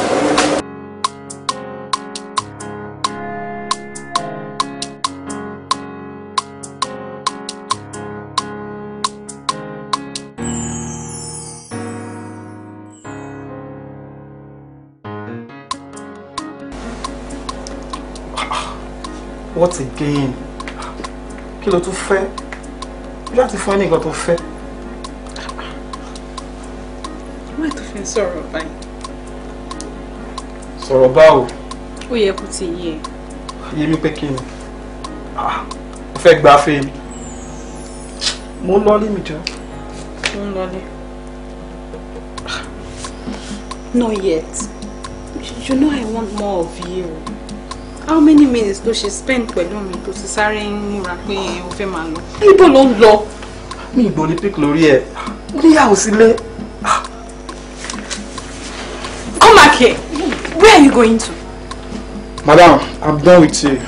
What again? Kilo to tún fẹ́? Bí to fún ẹ ní nǹkan tó ẹ sọ̀rọ̀ báyìí. sọ̀rọ̀ báwo. ó yẹ kó ti yé e. yé mi pé kí ni ah, mo fẹ́ gba fẹ́ mi mo ń lọlé mi jọ. mo ń lọlé. not yet you know I want more of you how many minutes do she spend pẹ̀lú mi tó ti sáré ń múra pé o fẹ́ máa lọ. níbo ló ń lọ. mi ìgbò lórí ẹ ní àwòsílẹ̀. Where are you going to? Madam, I'm done with you.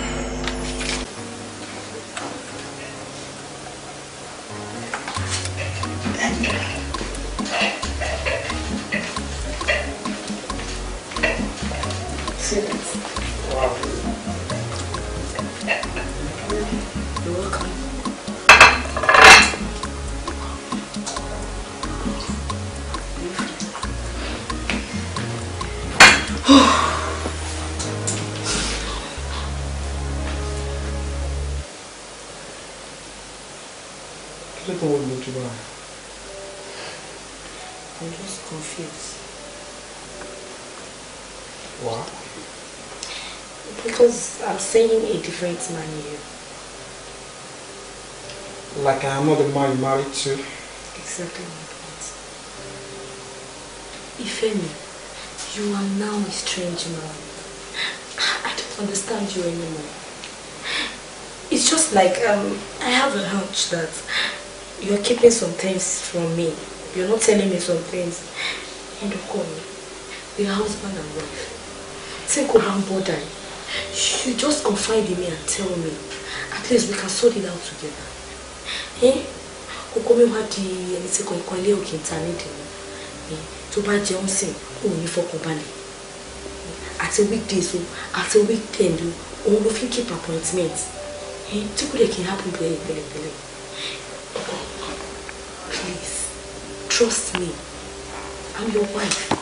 Why? Because I'm seeing a different man here. Like I am not the man you married to? Exactly my point. any, you are now a strange man. I don't understand you anymore. It's just like um, I have a hunch that you're keeping some things from me. You're not telling me some things. And of call. me. are husband and wife. tí kò bá ń bọ́dà you just confide in me and tell me at least we can sort it out together. eh? Who come wá di ẹni tí kankan ilé òkè ń ta nídìí mi eh, tó bá jẹun sìn kò ní fọkànbalẹ̀ eh, àti weekdays o àti weekend o òun ló fi ń keep appointments, eh? kò lè kí n happen bẹ́ẹ̀ bẹ́ẹ̀ please trust me I'm your wife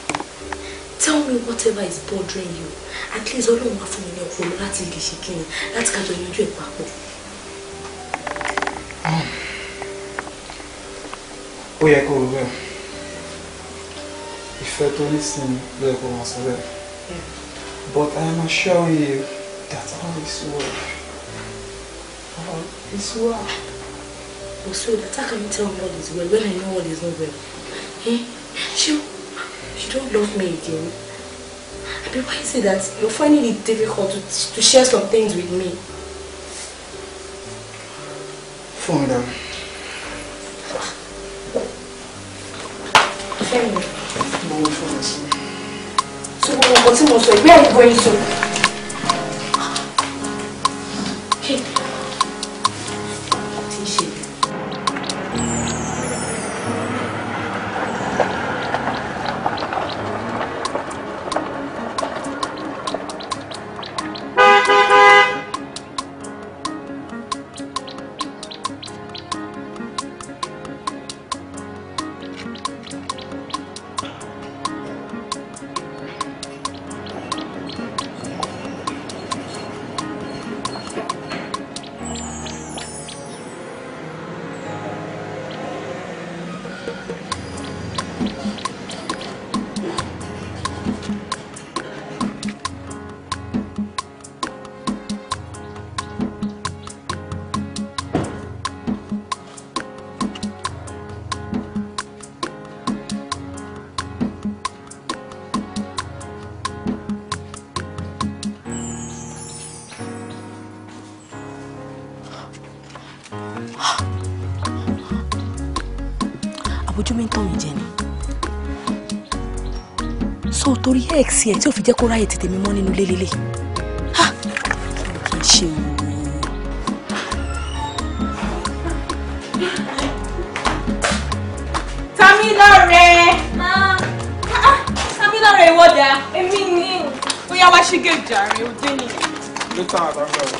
tell me whatever is bothering you at least all of my family ní ọpọlọ láti lè ṣe kí ni láti kájọ yanjú ẹ̀ papọ̀. ó yẹ kó o rẹ ìfẹ́ tó ní sinmi ló yẹ kó but I am assuring you that all is well all is well. Osuoda, how can you tell me all is well when I know all is not well? Eh? Sure. You don't love me again. I mean, why is it that you're finding it difficult to, to share some things with me? Fonda. Femi. No, Fonda. So, what's the most? Where are you going to? vex yẹn tí ò fi jẹ́ kó ráyè tètè mi nínú lélẹ́lẹ́ kì Tamilore. Ma. Ah, ah Tamilore, ìwọ dà. Èmi ni. Ó yá wá ṣe gèjà rẹ̀, ó dé ni. Lítà àtàkùn.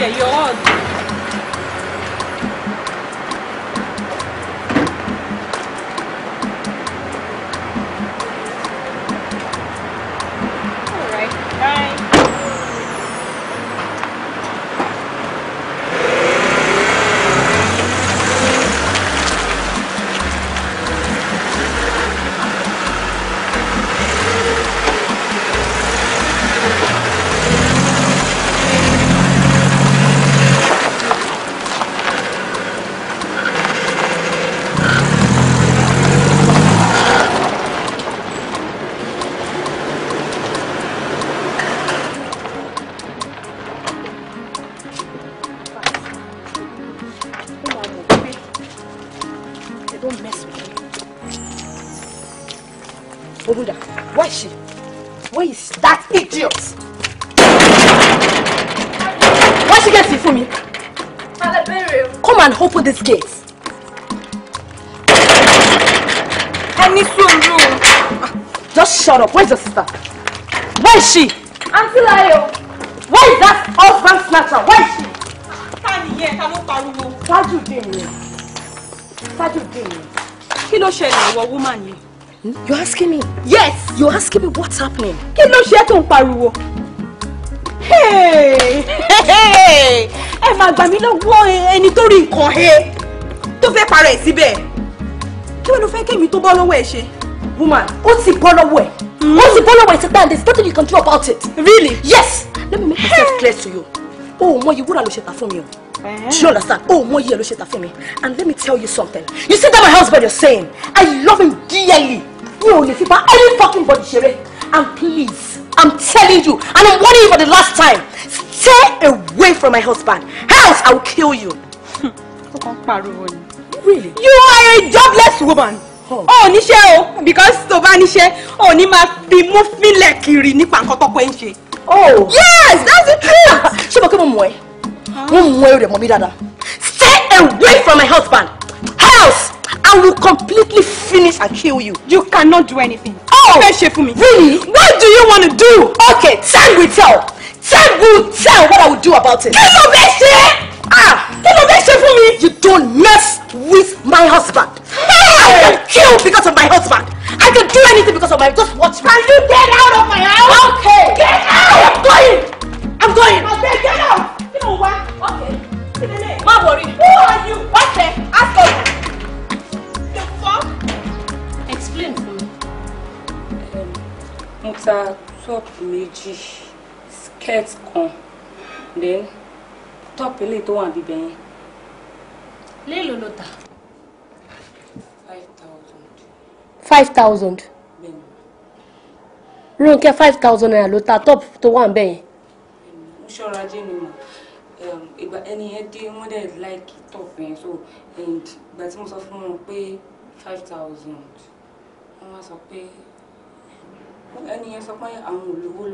Rússia e snatcher? Where is she? Auntie Layo. Where is that husband snatcher? Where is she? Ta ni yẹn, ta ló pariwo? Tajudeen ni. Tajudeen ni. Kí ló ṣẹlẹ̀ ìwọ woman hmm? You asking me? Yes. You asking me what's happening? Kilo ló ṣe é Hey, hey, pariwo? Ẹ máa gbà mí lọ́wọ́ ẹni tó rí nǹkan he tó fẹ́ para ẹ̀ síbẹ̀. Kí wọ́n ló fẹ́ kémi tó bọ́ lọ́wọ́ ẹ̀ ṣe? Woman, ó ti bọ́ lọ́wọ́ ẹ̀. Mm. Once the boiler was there, there's nothing you can do about it. Really? Yes. Let me make myself clear to you. Oh, mo you would ló ṣe tà fún mi Do you understand? Oh, mo you ló ṣe tà fún mi. And let me tell you something. You see that my husband you're saying, I love him dearly. You only lè fi any fucking body ṣeré. And please, I'm telling you, and I'm warning you for the last time, stay away from my husband. Else, I will kill you. Really? You are a jobless woman ó níṣẹ́ o because tó bá níṣẹ́ ó ní máa fi mú fílẹ̀ kiri nípa nǹkan tọ́pọ̀ ń ṣe. oh yes that's the truth. ṣé mo kí mo mọ̀ ẹ́ mo mọ̀ ẹ́ rẹ̀ mọ̀ mi dáadáa. stay away from my husband house I will completely finish and kill you. You cannot do anything. Oh, really? What do you want to do? Okay, time will tell time will tell what I will do about it. kí ló fẹ́ ṣe ah kí ló fẹ́ ṣe fún mi. you don't mess with my husband. Hey. I can kill because of my husband. I can do anything because of my just watch me. Can you get out of my house? okay get out. I'm going I'm going. ọ̀sẹ̀ okay, get out kí ló wá ọ̀sẹ̀ who are you ọ̀sẹ̀ ask us. the fuck. explain fún mi. mo ta top méjì skirt kan then top eléyìí tó wà bíbẹ̀ yẹn. léèlò ló tà. five thousand. five thousand. Rónkẹ́ five thousand naira ló ta top tó wà ń bẹ̀ yẹn. mo ṣọ́ra jẹ́ ni mo ehm, ìgbà ẹni yẹn dé wọ́n dẹ̀ like top yẹn so and ìgbà tí mo sọ fún wọn pé five thousand wọ́n wá sọ pé ẹni yẹn sọ pé àwọn ò lówó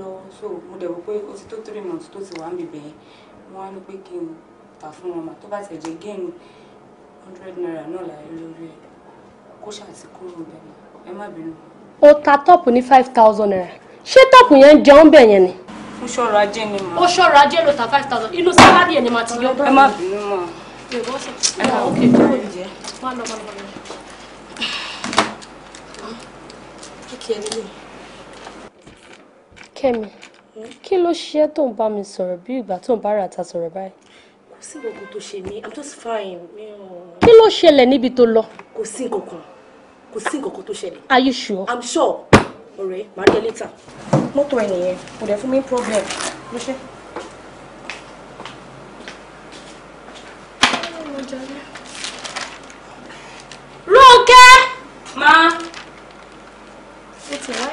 so mo dẹ̀ wò pé ó ti tó three months tó ti wà ń bìbẹ̀ yẹn wọ́n á ní pé kí n tà fún wọn mà tó bá tẹ̀ jẹ́ hundred naira náà láyé lórí ẹ̀ kó ṣàti kúrò bẹ́ẹ̀ ẹ má bínú. ó ta tọ́pù ní five thousand naira ṣé tọ́pù yẹn ń jẹun bẹ̀ yẹn ni. ó ṣọ́ra ajé ni mà. ó ṣọ́ra ajé ló ta five thousand inú sábàdì ẹ̀ ni mà ti yọ. ẹ má bínú mà. ẹ má ok tó o jẹ. má lọ lọ. kí ẹ Kẹ́mi kí ló ṣe tó ń bá mi sọ̀rọ̀ bí ìgbà tó ń bá ràtà sọ̀rọ̀ báyìí. kò sí nǹkan tó ṣe mí i'm just fine. kí ló ṣẹlẹ̀ níbi tó lọ. kò sí nǹkan kan kò sí nǹkan kan tó ṣẹlẹ̀. are you sure. i'm sure ọ̀rẹ́ màá rí ẹ later. mọ́tò ẹ nìyẹn kò dẹ̀ fún mi problem ló ṣe. Ronke. ma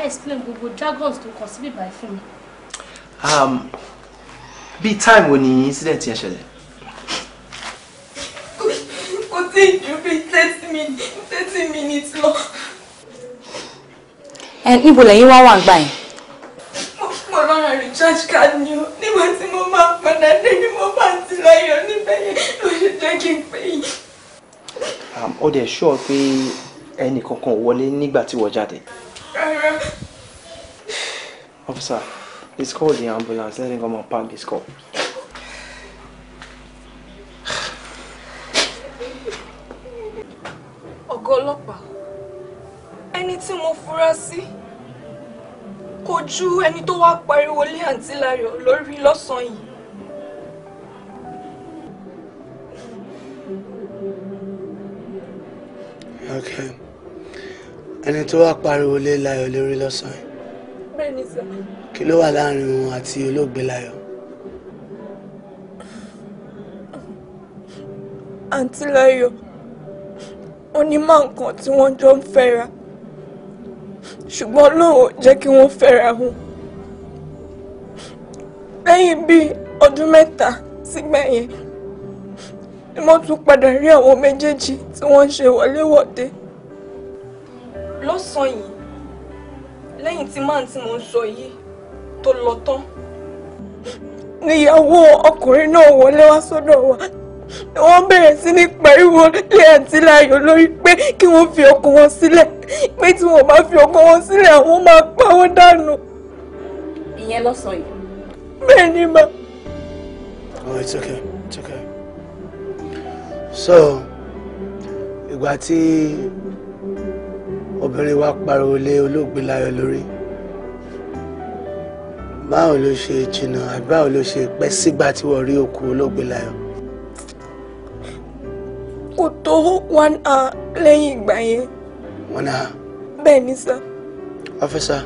explain gbogbo jargons tó kàn síbí báyìí fún mi. Um, time wo ni incident yẹn ṣẹlẹ̀. kò tí ì ju bíi thirty minutes thirty minutes lọ. ẹ níbo lẹ́yìn wá wà ń gbà yẹn. mo rọra recharge card ni o nígbà tí mo máa padà dé ni mo bá ti lọ yọ níbẹ̀ yẹn ló ṣe jẹ́ kí n pè yín. Um, ó dẹ̀ ṣọ́ pé ẹnì kankan wọlé nígbà tí wọ́n jáde. Officer, please call the ambulance. Let him come and park this car. Ọ̀gá ọlọ́pàá, ẹni tí mo fura any to walk by tó wá pariwo lé àǹtí Láyọ̀ lórí lọ́sàn-án Okay ẹni tó wá pariwo lé Láyọ̀ lórí lọ́sàn-án bẹ́ẹ̀ni sà kí ló wà láàrin òun àti olóògbé Láyọ̀. àǹtí Láyọ̀ onímọ̀ nǹkan tí wọ́n jọ ń fẹ́ra ṣùgbọ́n lóò jẹ́ kí wọ́n fẹ́ra hùn lẹ́yìn bíi ọdún mẹ́ta sígbà ni wọ́n tún padà rí àwọn méjèèjì tí wọ́n ń ṣe wọléwọ̀de lọ́sàn-án yìí lẹ́yìn tí máà tí mò ń sọ yìí tó lọ tán. níyàwó ọkùnrin náà wọlé wá sọ́dọ̀ wa wọ́n bẹ̀rẹ̀ sí ní pariwo lé àǹtí láyọ̀ lórí pé kí wọ́n fi ọkọ wọn sílẹ̀ pé tí wọ́n bá fi ọkọ wọn sílẹ̀ àwọn máa pa wọ́n dànù. ìyẹn lọ́sàn yìí. bẹ́ẹ̀ ni mà. oh it's okay it's okay so ìgbà tí obìnrin wa pariwo lé olóògbé Láyọ̀ lórí báwo ló ṣe jìnnà àbí báwo ló ṣe pẹ́ sígbà tí wọ́n rí òkú olóògbé Láyọ̀. kò tó one hour lẹ́yìn ìgbà yẹn. one hour. bẹ́ẹ̀ ni sir. officer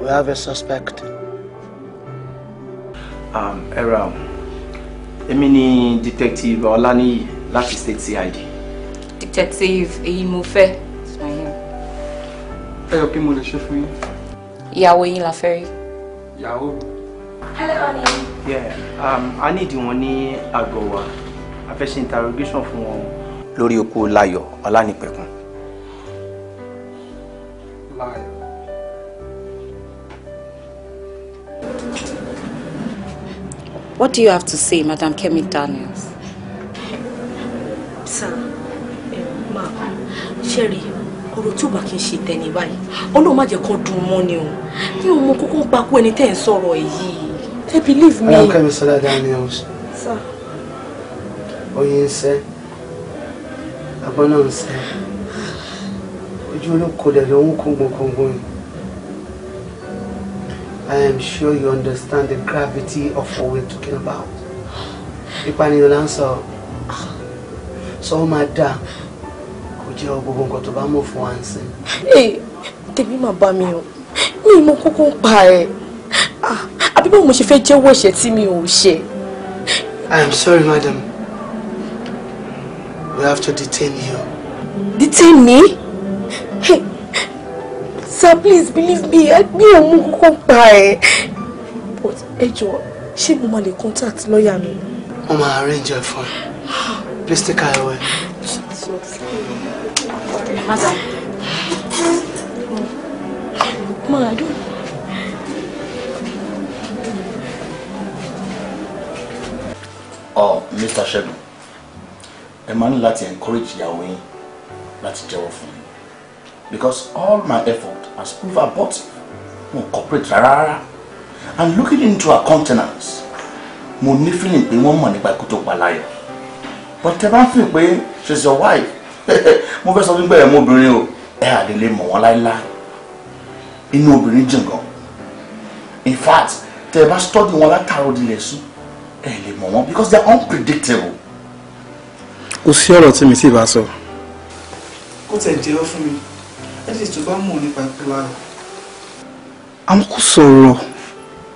we have a suspect. Um, ẹ ra o èmi ni detective Ọláníyì láti state CID. detective èyí mo fẹ́ ẹyọ kí mo lè ṣe fún yín. ìyàwó la fẹ́ rí. ìyàwó hello honey. yeah um, a nídìí wọn ní àgọ́ wa a fẹ́ ṣe interrogation fún wọn. lórí okú Láyọ̀ Ọlánìpẹ̀kun. Láyọ̀. What do you have to say, Madam Kemi Daniels? Sir, eh, ma, Sherry, ọ̀rọ̀ tí ò bá kí n ṣe tẹ̀lé báyìí ọlọ́run má jẹ́ kó dùn mọ́ ni o mi ò kókó ń pakú ẹni tẹ́ ẹ̀ ń sọ̀rọ̀ yìí ẹ believe me. aláǹkà mi sọ́dá daniels oyin ń sẹ́ abọ́ ojú olóko dẹ̀ ló ń kóngbóngbóngbó I am sure you understand the gravity of what we're talking about ìpànìyàn là ń sọ sọ ó máa dáa jẹ́ gbogbo nǹkan tó bá mọ̀ fún wa ń sìn. ee tèmi máa bá mi o mi mọ kókó ń pa ẹ ah, àbí báwo mo ṣe fẹ́ jẹ́wọ́ ẹ̀ṣẹ̀ tí mi ò ṣe. I am sorry madam we have to detain you. detain me? Hey. sir please believe me mi ò mú kókó ń pa ẹ. but ẹ jọ̀ọ́ ṣé mo máa lè contact lọ́ọ̀yà mi. mo máa arrange ẹ fún ah. please take her away. Madam. Madam. Oh, Mr. Shegun, ẹ máa ń encourage your yín that's jẹ́wọ́ fún mi because all my effort has proved abortive. Mo cooperate rárá and looking into her countenance mo ní feeling pé wọ́n mọ̀ nípa ikú tó but tẹ bá ń fi your wife mo fẹ́ sọ fún gbẹ̀rẹ̀ mú obìnrin o ẹ àlè lè mọ̀ wọ́n láíláá inú obìnrin jìn gan in fact tẹ ẹ bá study wọn látàrọ dilẹ̀ sùn ẹ lè mọ̀ wọ́n because they are unpredictable. kò sí ọ̀rọ̀ tí mi sì bá sọ. kó tẹ̀ jẹ́wọ́ fún mi ẹ̀sìn tó bá mọ̀ nípa ìpínlẹ̀ rẹ̀. àwọn kò sọ̀rọ̀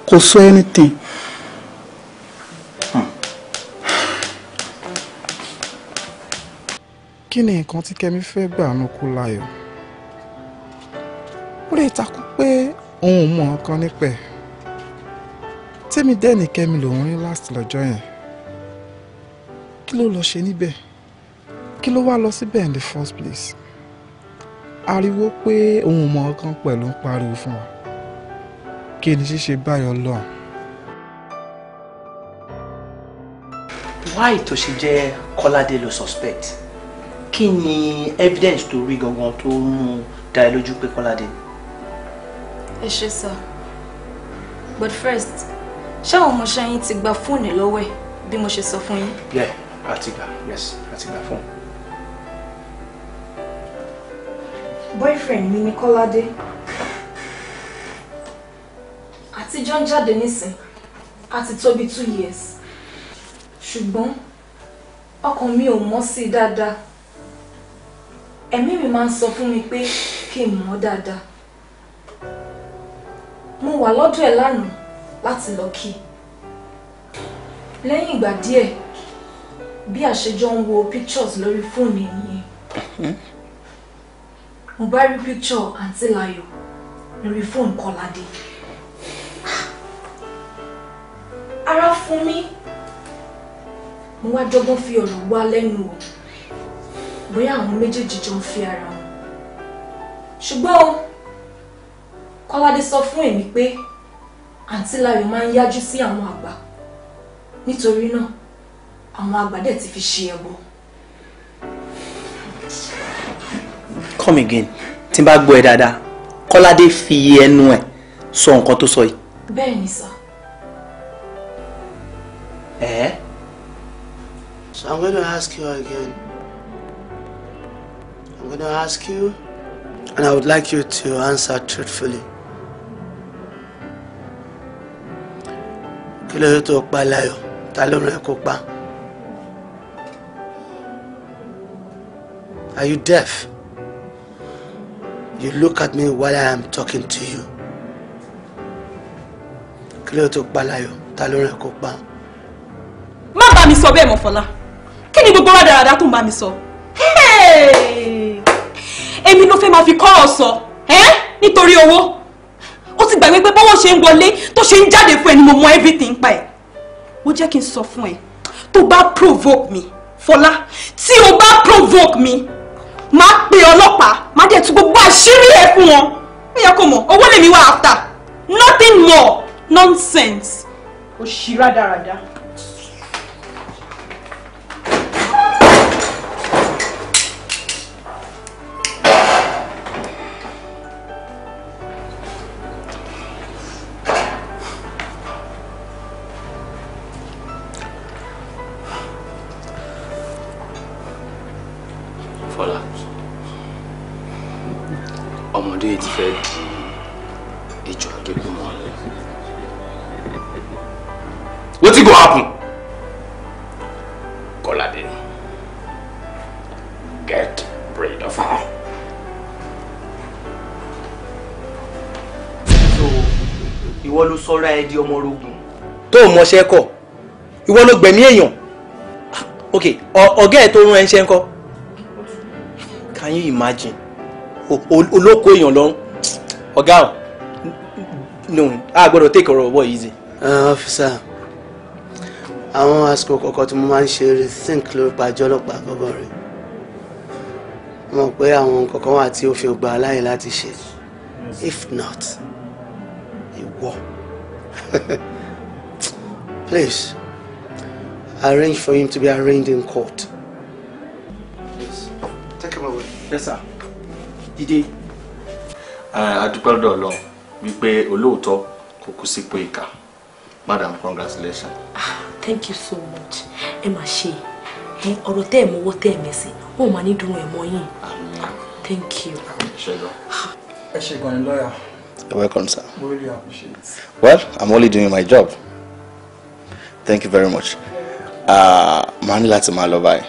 kò sọ anything kí ni nǹkan tí kẹ́mi fẹ́ gbà nù kú láyọ̀ ó lè takú pé òun ò mọ nǹkan nípẹ̀ tèmi dẹ́ni kẹ́mi lòún rí last lọ́jọ́ yẹn kí ló lọ ṣe níbẹ̀ kí ló wá lọ síbẹ̀ in the first place ariwo pé òun ò mọ nǹkan pẹ̀lú ń pariwo fún wa kí ni ṣíṣe báyọ̀ lọ́hùn. why tó ṣe jẹ́ kọ́ládé ló suspect kí ni evidence tó rí gangan tó mú un dá ẹ lójú pé Kọ́ládé. ẹ ṣe sọ but first ṣé àwọn ọmọọṣẹ́ yín ti gba fóònù lọ́wọ́ ẹ̀ bí mo ṣe sọ fún yín. yeah àti gbà yes àti gbà fóònù. boyfriend mi ni Kọ́ládé àtijọ́ ń jáde nísìn àti tó bí two years ṣùgbọ́n ọkàn mi ò mọ́ sí i dáadáa ẹ̀mí mi máa ń sọ fún mi pé kí n mọ̀ dáadáa mo wà lọ́dọ̀ ẹ̀ lánàá láti lọ kí lẹ́yìn ìgbà díẹ̀ bí àṣejọ ń wo pictures lórí fóònù ẹ̀yìn mo bá rí picture àǹtí Láyọ̀ lórí fóònù Kọ́ládé ara fún mi mo wá jọgbọ́n fi ọ̀rọ̀ wá lẹ́nu o bóyá àwọn méjèèjì jọ ń fi ara wọn ṣùgbọ́n o Kọ́ládé sọ fún èmi pé àǹtí Láyọ̀ máa ń yájú sí àwọn àgbà nítorí náà àwọn àgbà dẹ̀ ti fi ṣe ẹbọ. come again tí n bá gbọ́ ẹ dáadáa Kọ́ládé fi ẹnu ẹ̀ sọ nǹkan tó sọ yìí. bẹ́ẹ̀ ni sà. ẹ̀. so i'm going to ask you again. I'm going to ask you, and I would like you to answer truthfully. Kí ló yẹ tó pa Láyọ̀? Ta ló rẹ̀ Are you deaf? You look at me while I am talking to you. Kí ló yẹ tó pa Láyọ̀? Ta ló rẹ̀ kó pa? Má bá mi sọ bẹ́ẹ̀ mọ́ Fọlá. Kí ni gbogbo wa dáradára mi sọ? èmi ló fẹ́ máa fi kọ́ ọ sọ nítorí owó ó ti gbàgbé pé bọ́wọ́ ṣe ń wọlé tó ṣe ń jáde fún ẹ ni mo mọ everything pa ẹ̀ mo jẹ́ kí n sọ fún ẹ tó bá provoke mi Fọlá tí o bá provoke mi máa pe ọlọ́pàá máa dẹ̀ tú gbogbo àṣírí ẹ fún wọn ó yẹ kó mọ̀ owó lèmi wà after nothing more nonsense. òṣì rádaràda. sọra ẹ di ọmọ orogun. tó o mọṣẹ́ kọ̀ ìwọ ló gbẹ̀mí èèyàn ok ọ̀gá ẹ̀ tó rán ẹṣẹ́ ńkọ́ can you imagine olóko èèyàn lọ́rùn ọ̀gá ọ̀ no a gbọ́dọ̀ take ọ̀rọ̀ ọ̀wọ́ yìí. ọ́fíìsà àwọn àsìkò kọ̀ọ̀kan tí mo máa ń ṣe rethink lórípa àjọ ọlọ́pàá gbọ́gbọ́n rẹ̀ mọ̀ pé àwọn kọ̀ọ̀kan wà tí ó fi gbà láàyè láti ṣe if not. Mm -hmm. Please, arrange for him to be arraigned in court. Please, take him away. Yes, sir. Dìde. Adúpẹ́ lọ́dọ̀ Ọlọ́run wípé olóòótọ́ kò kú sípò ìkà. Madam, congratulations. Ah, thank you so much. Ẹ máa ṣe ọ̀rọ̀ tẹ́ ẹ̀ mọ́wọ́ tẹ́ ẹ̀ mẹ́sìn, ó máa ní dùn ẹ̀ mọ́ yín. Thank you. Ẹ ṣe gan-an ah. lọ́yà. You're welcome, sir. We really appreciate it. Well, I'm only doing my job. Thank you very much. Uh, Màá ní láti máa lọ báyìí.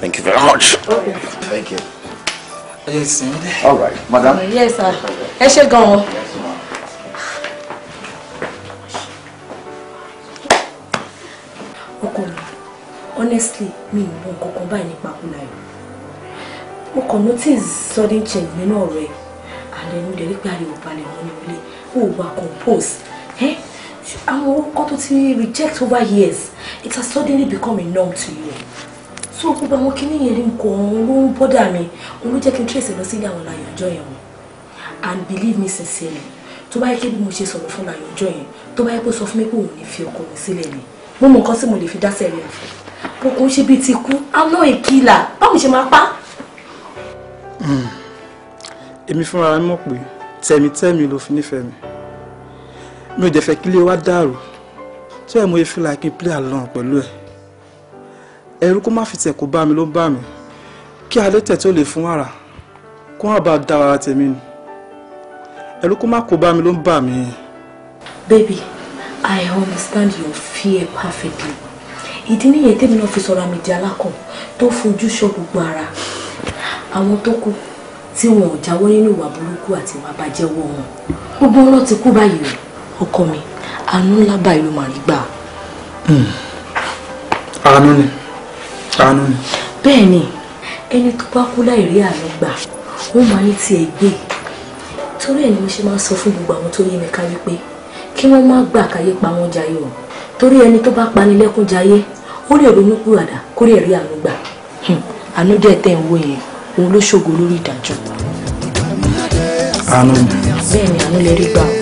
Thank you very much. Okay. Thank you. Yes, All right, madam. Uh, yes, sir. Ẹ ṣé gan-an. Ọkọ mi, honestly, mi ò mọ nǹkan kan báyìí nípa Kúnláyọ̀. Mo kàn notice sudden change nínú ọ̀rọ̀ ẹ̀ alẹ́ mo dẹ̀ rí pé ariwo balẹ̀ mọ́ ní ilé ó wà compose àwọn orúkọ tó ti reject over years it has suddenly become a norm to you so gbogbo àwọn kinní yẹn ní nǹkan òun ló ń bọ́dà mi òun ló jẹ́ kí n trace lọ sílé àwọn làyọ̀ yẹn wọn and believe me sincerely tó bá yẹ kí bí mo ṣe sọ̀rọ̀ fún làyọ̀ ọjọ́ yẹn tó bá yẹ kó sọ fún mi pé òun ní fi ọkọ mi sílẹ̀ ni mo mọ nǹkan tí mo lè fi dá sẹ́ẹ̀lì àfẹ́ bó kò ń ṣe bíi ti kú i'm not a killer báwo ṣe máa pa èmi fúnra mi mọ̀ pé tẹ̀mítẹ̀mí ló fi nífẹ̀ẹ́ mi mi ò dẹ̀ fẹ́ kílé wa dàrú tó ẹ̀ mo yẹ fi like play along pẹ̀lú ẹ̀ ẹ̀rù kó má fi tẹ̀ kó bá mi ló bá mi kí adẹ́tẹ̀ tó lè fún wàrà kó má bá da wàrà tèmi ni ẹ̀rù kó má kó bá mi ló ń bà baby i understand your fear perfectly ìdí nìyẹn tèmi náà fi sọra mi di alákọ̀ tó fojú sọ gbogbo ara àwọn tó kù tí wọn ò jáwọ́ nínú ìwà burúkú àti ìwà bàjẹ́ ọwọ́ wọn gbogbo wọn ti kú báyìí o ọkọ mi àánú ńlá báyìí ló máa rí gbà. Hmm. àánú ni àánú ni. bẹ́ẹ̀ ni ẹni tó bá kú láì rí àánú gbà wọ́n máa ní tiẹ̀ gbé torí ẹ̀ ni mo ṣe máa ń sọ fún gbogbo àwọn tó yé mi ká wípé kí wọ́n má gbà káyé pa wọ́n jayé o torí ẹni tó bá pani lẹ́kún jayé ó lè ronú kúrò àdá kó rí àánú gbà hmm. àánú dẹ̀ tẹ̀ ń wò yẹn òun ló ṣògo lórí ìdájọ́. àánú. bẹ́ẹ̀ àánú lè rí gbà ó.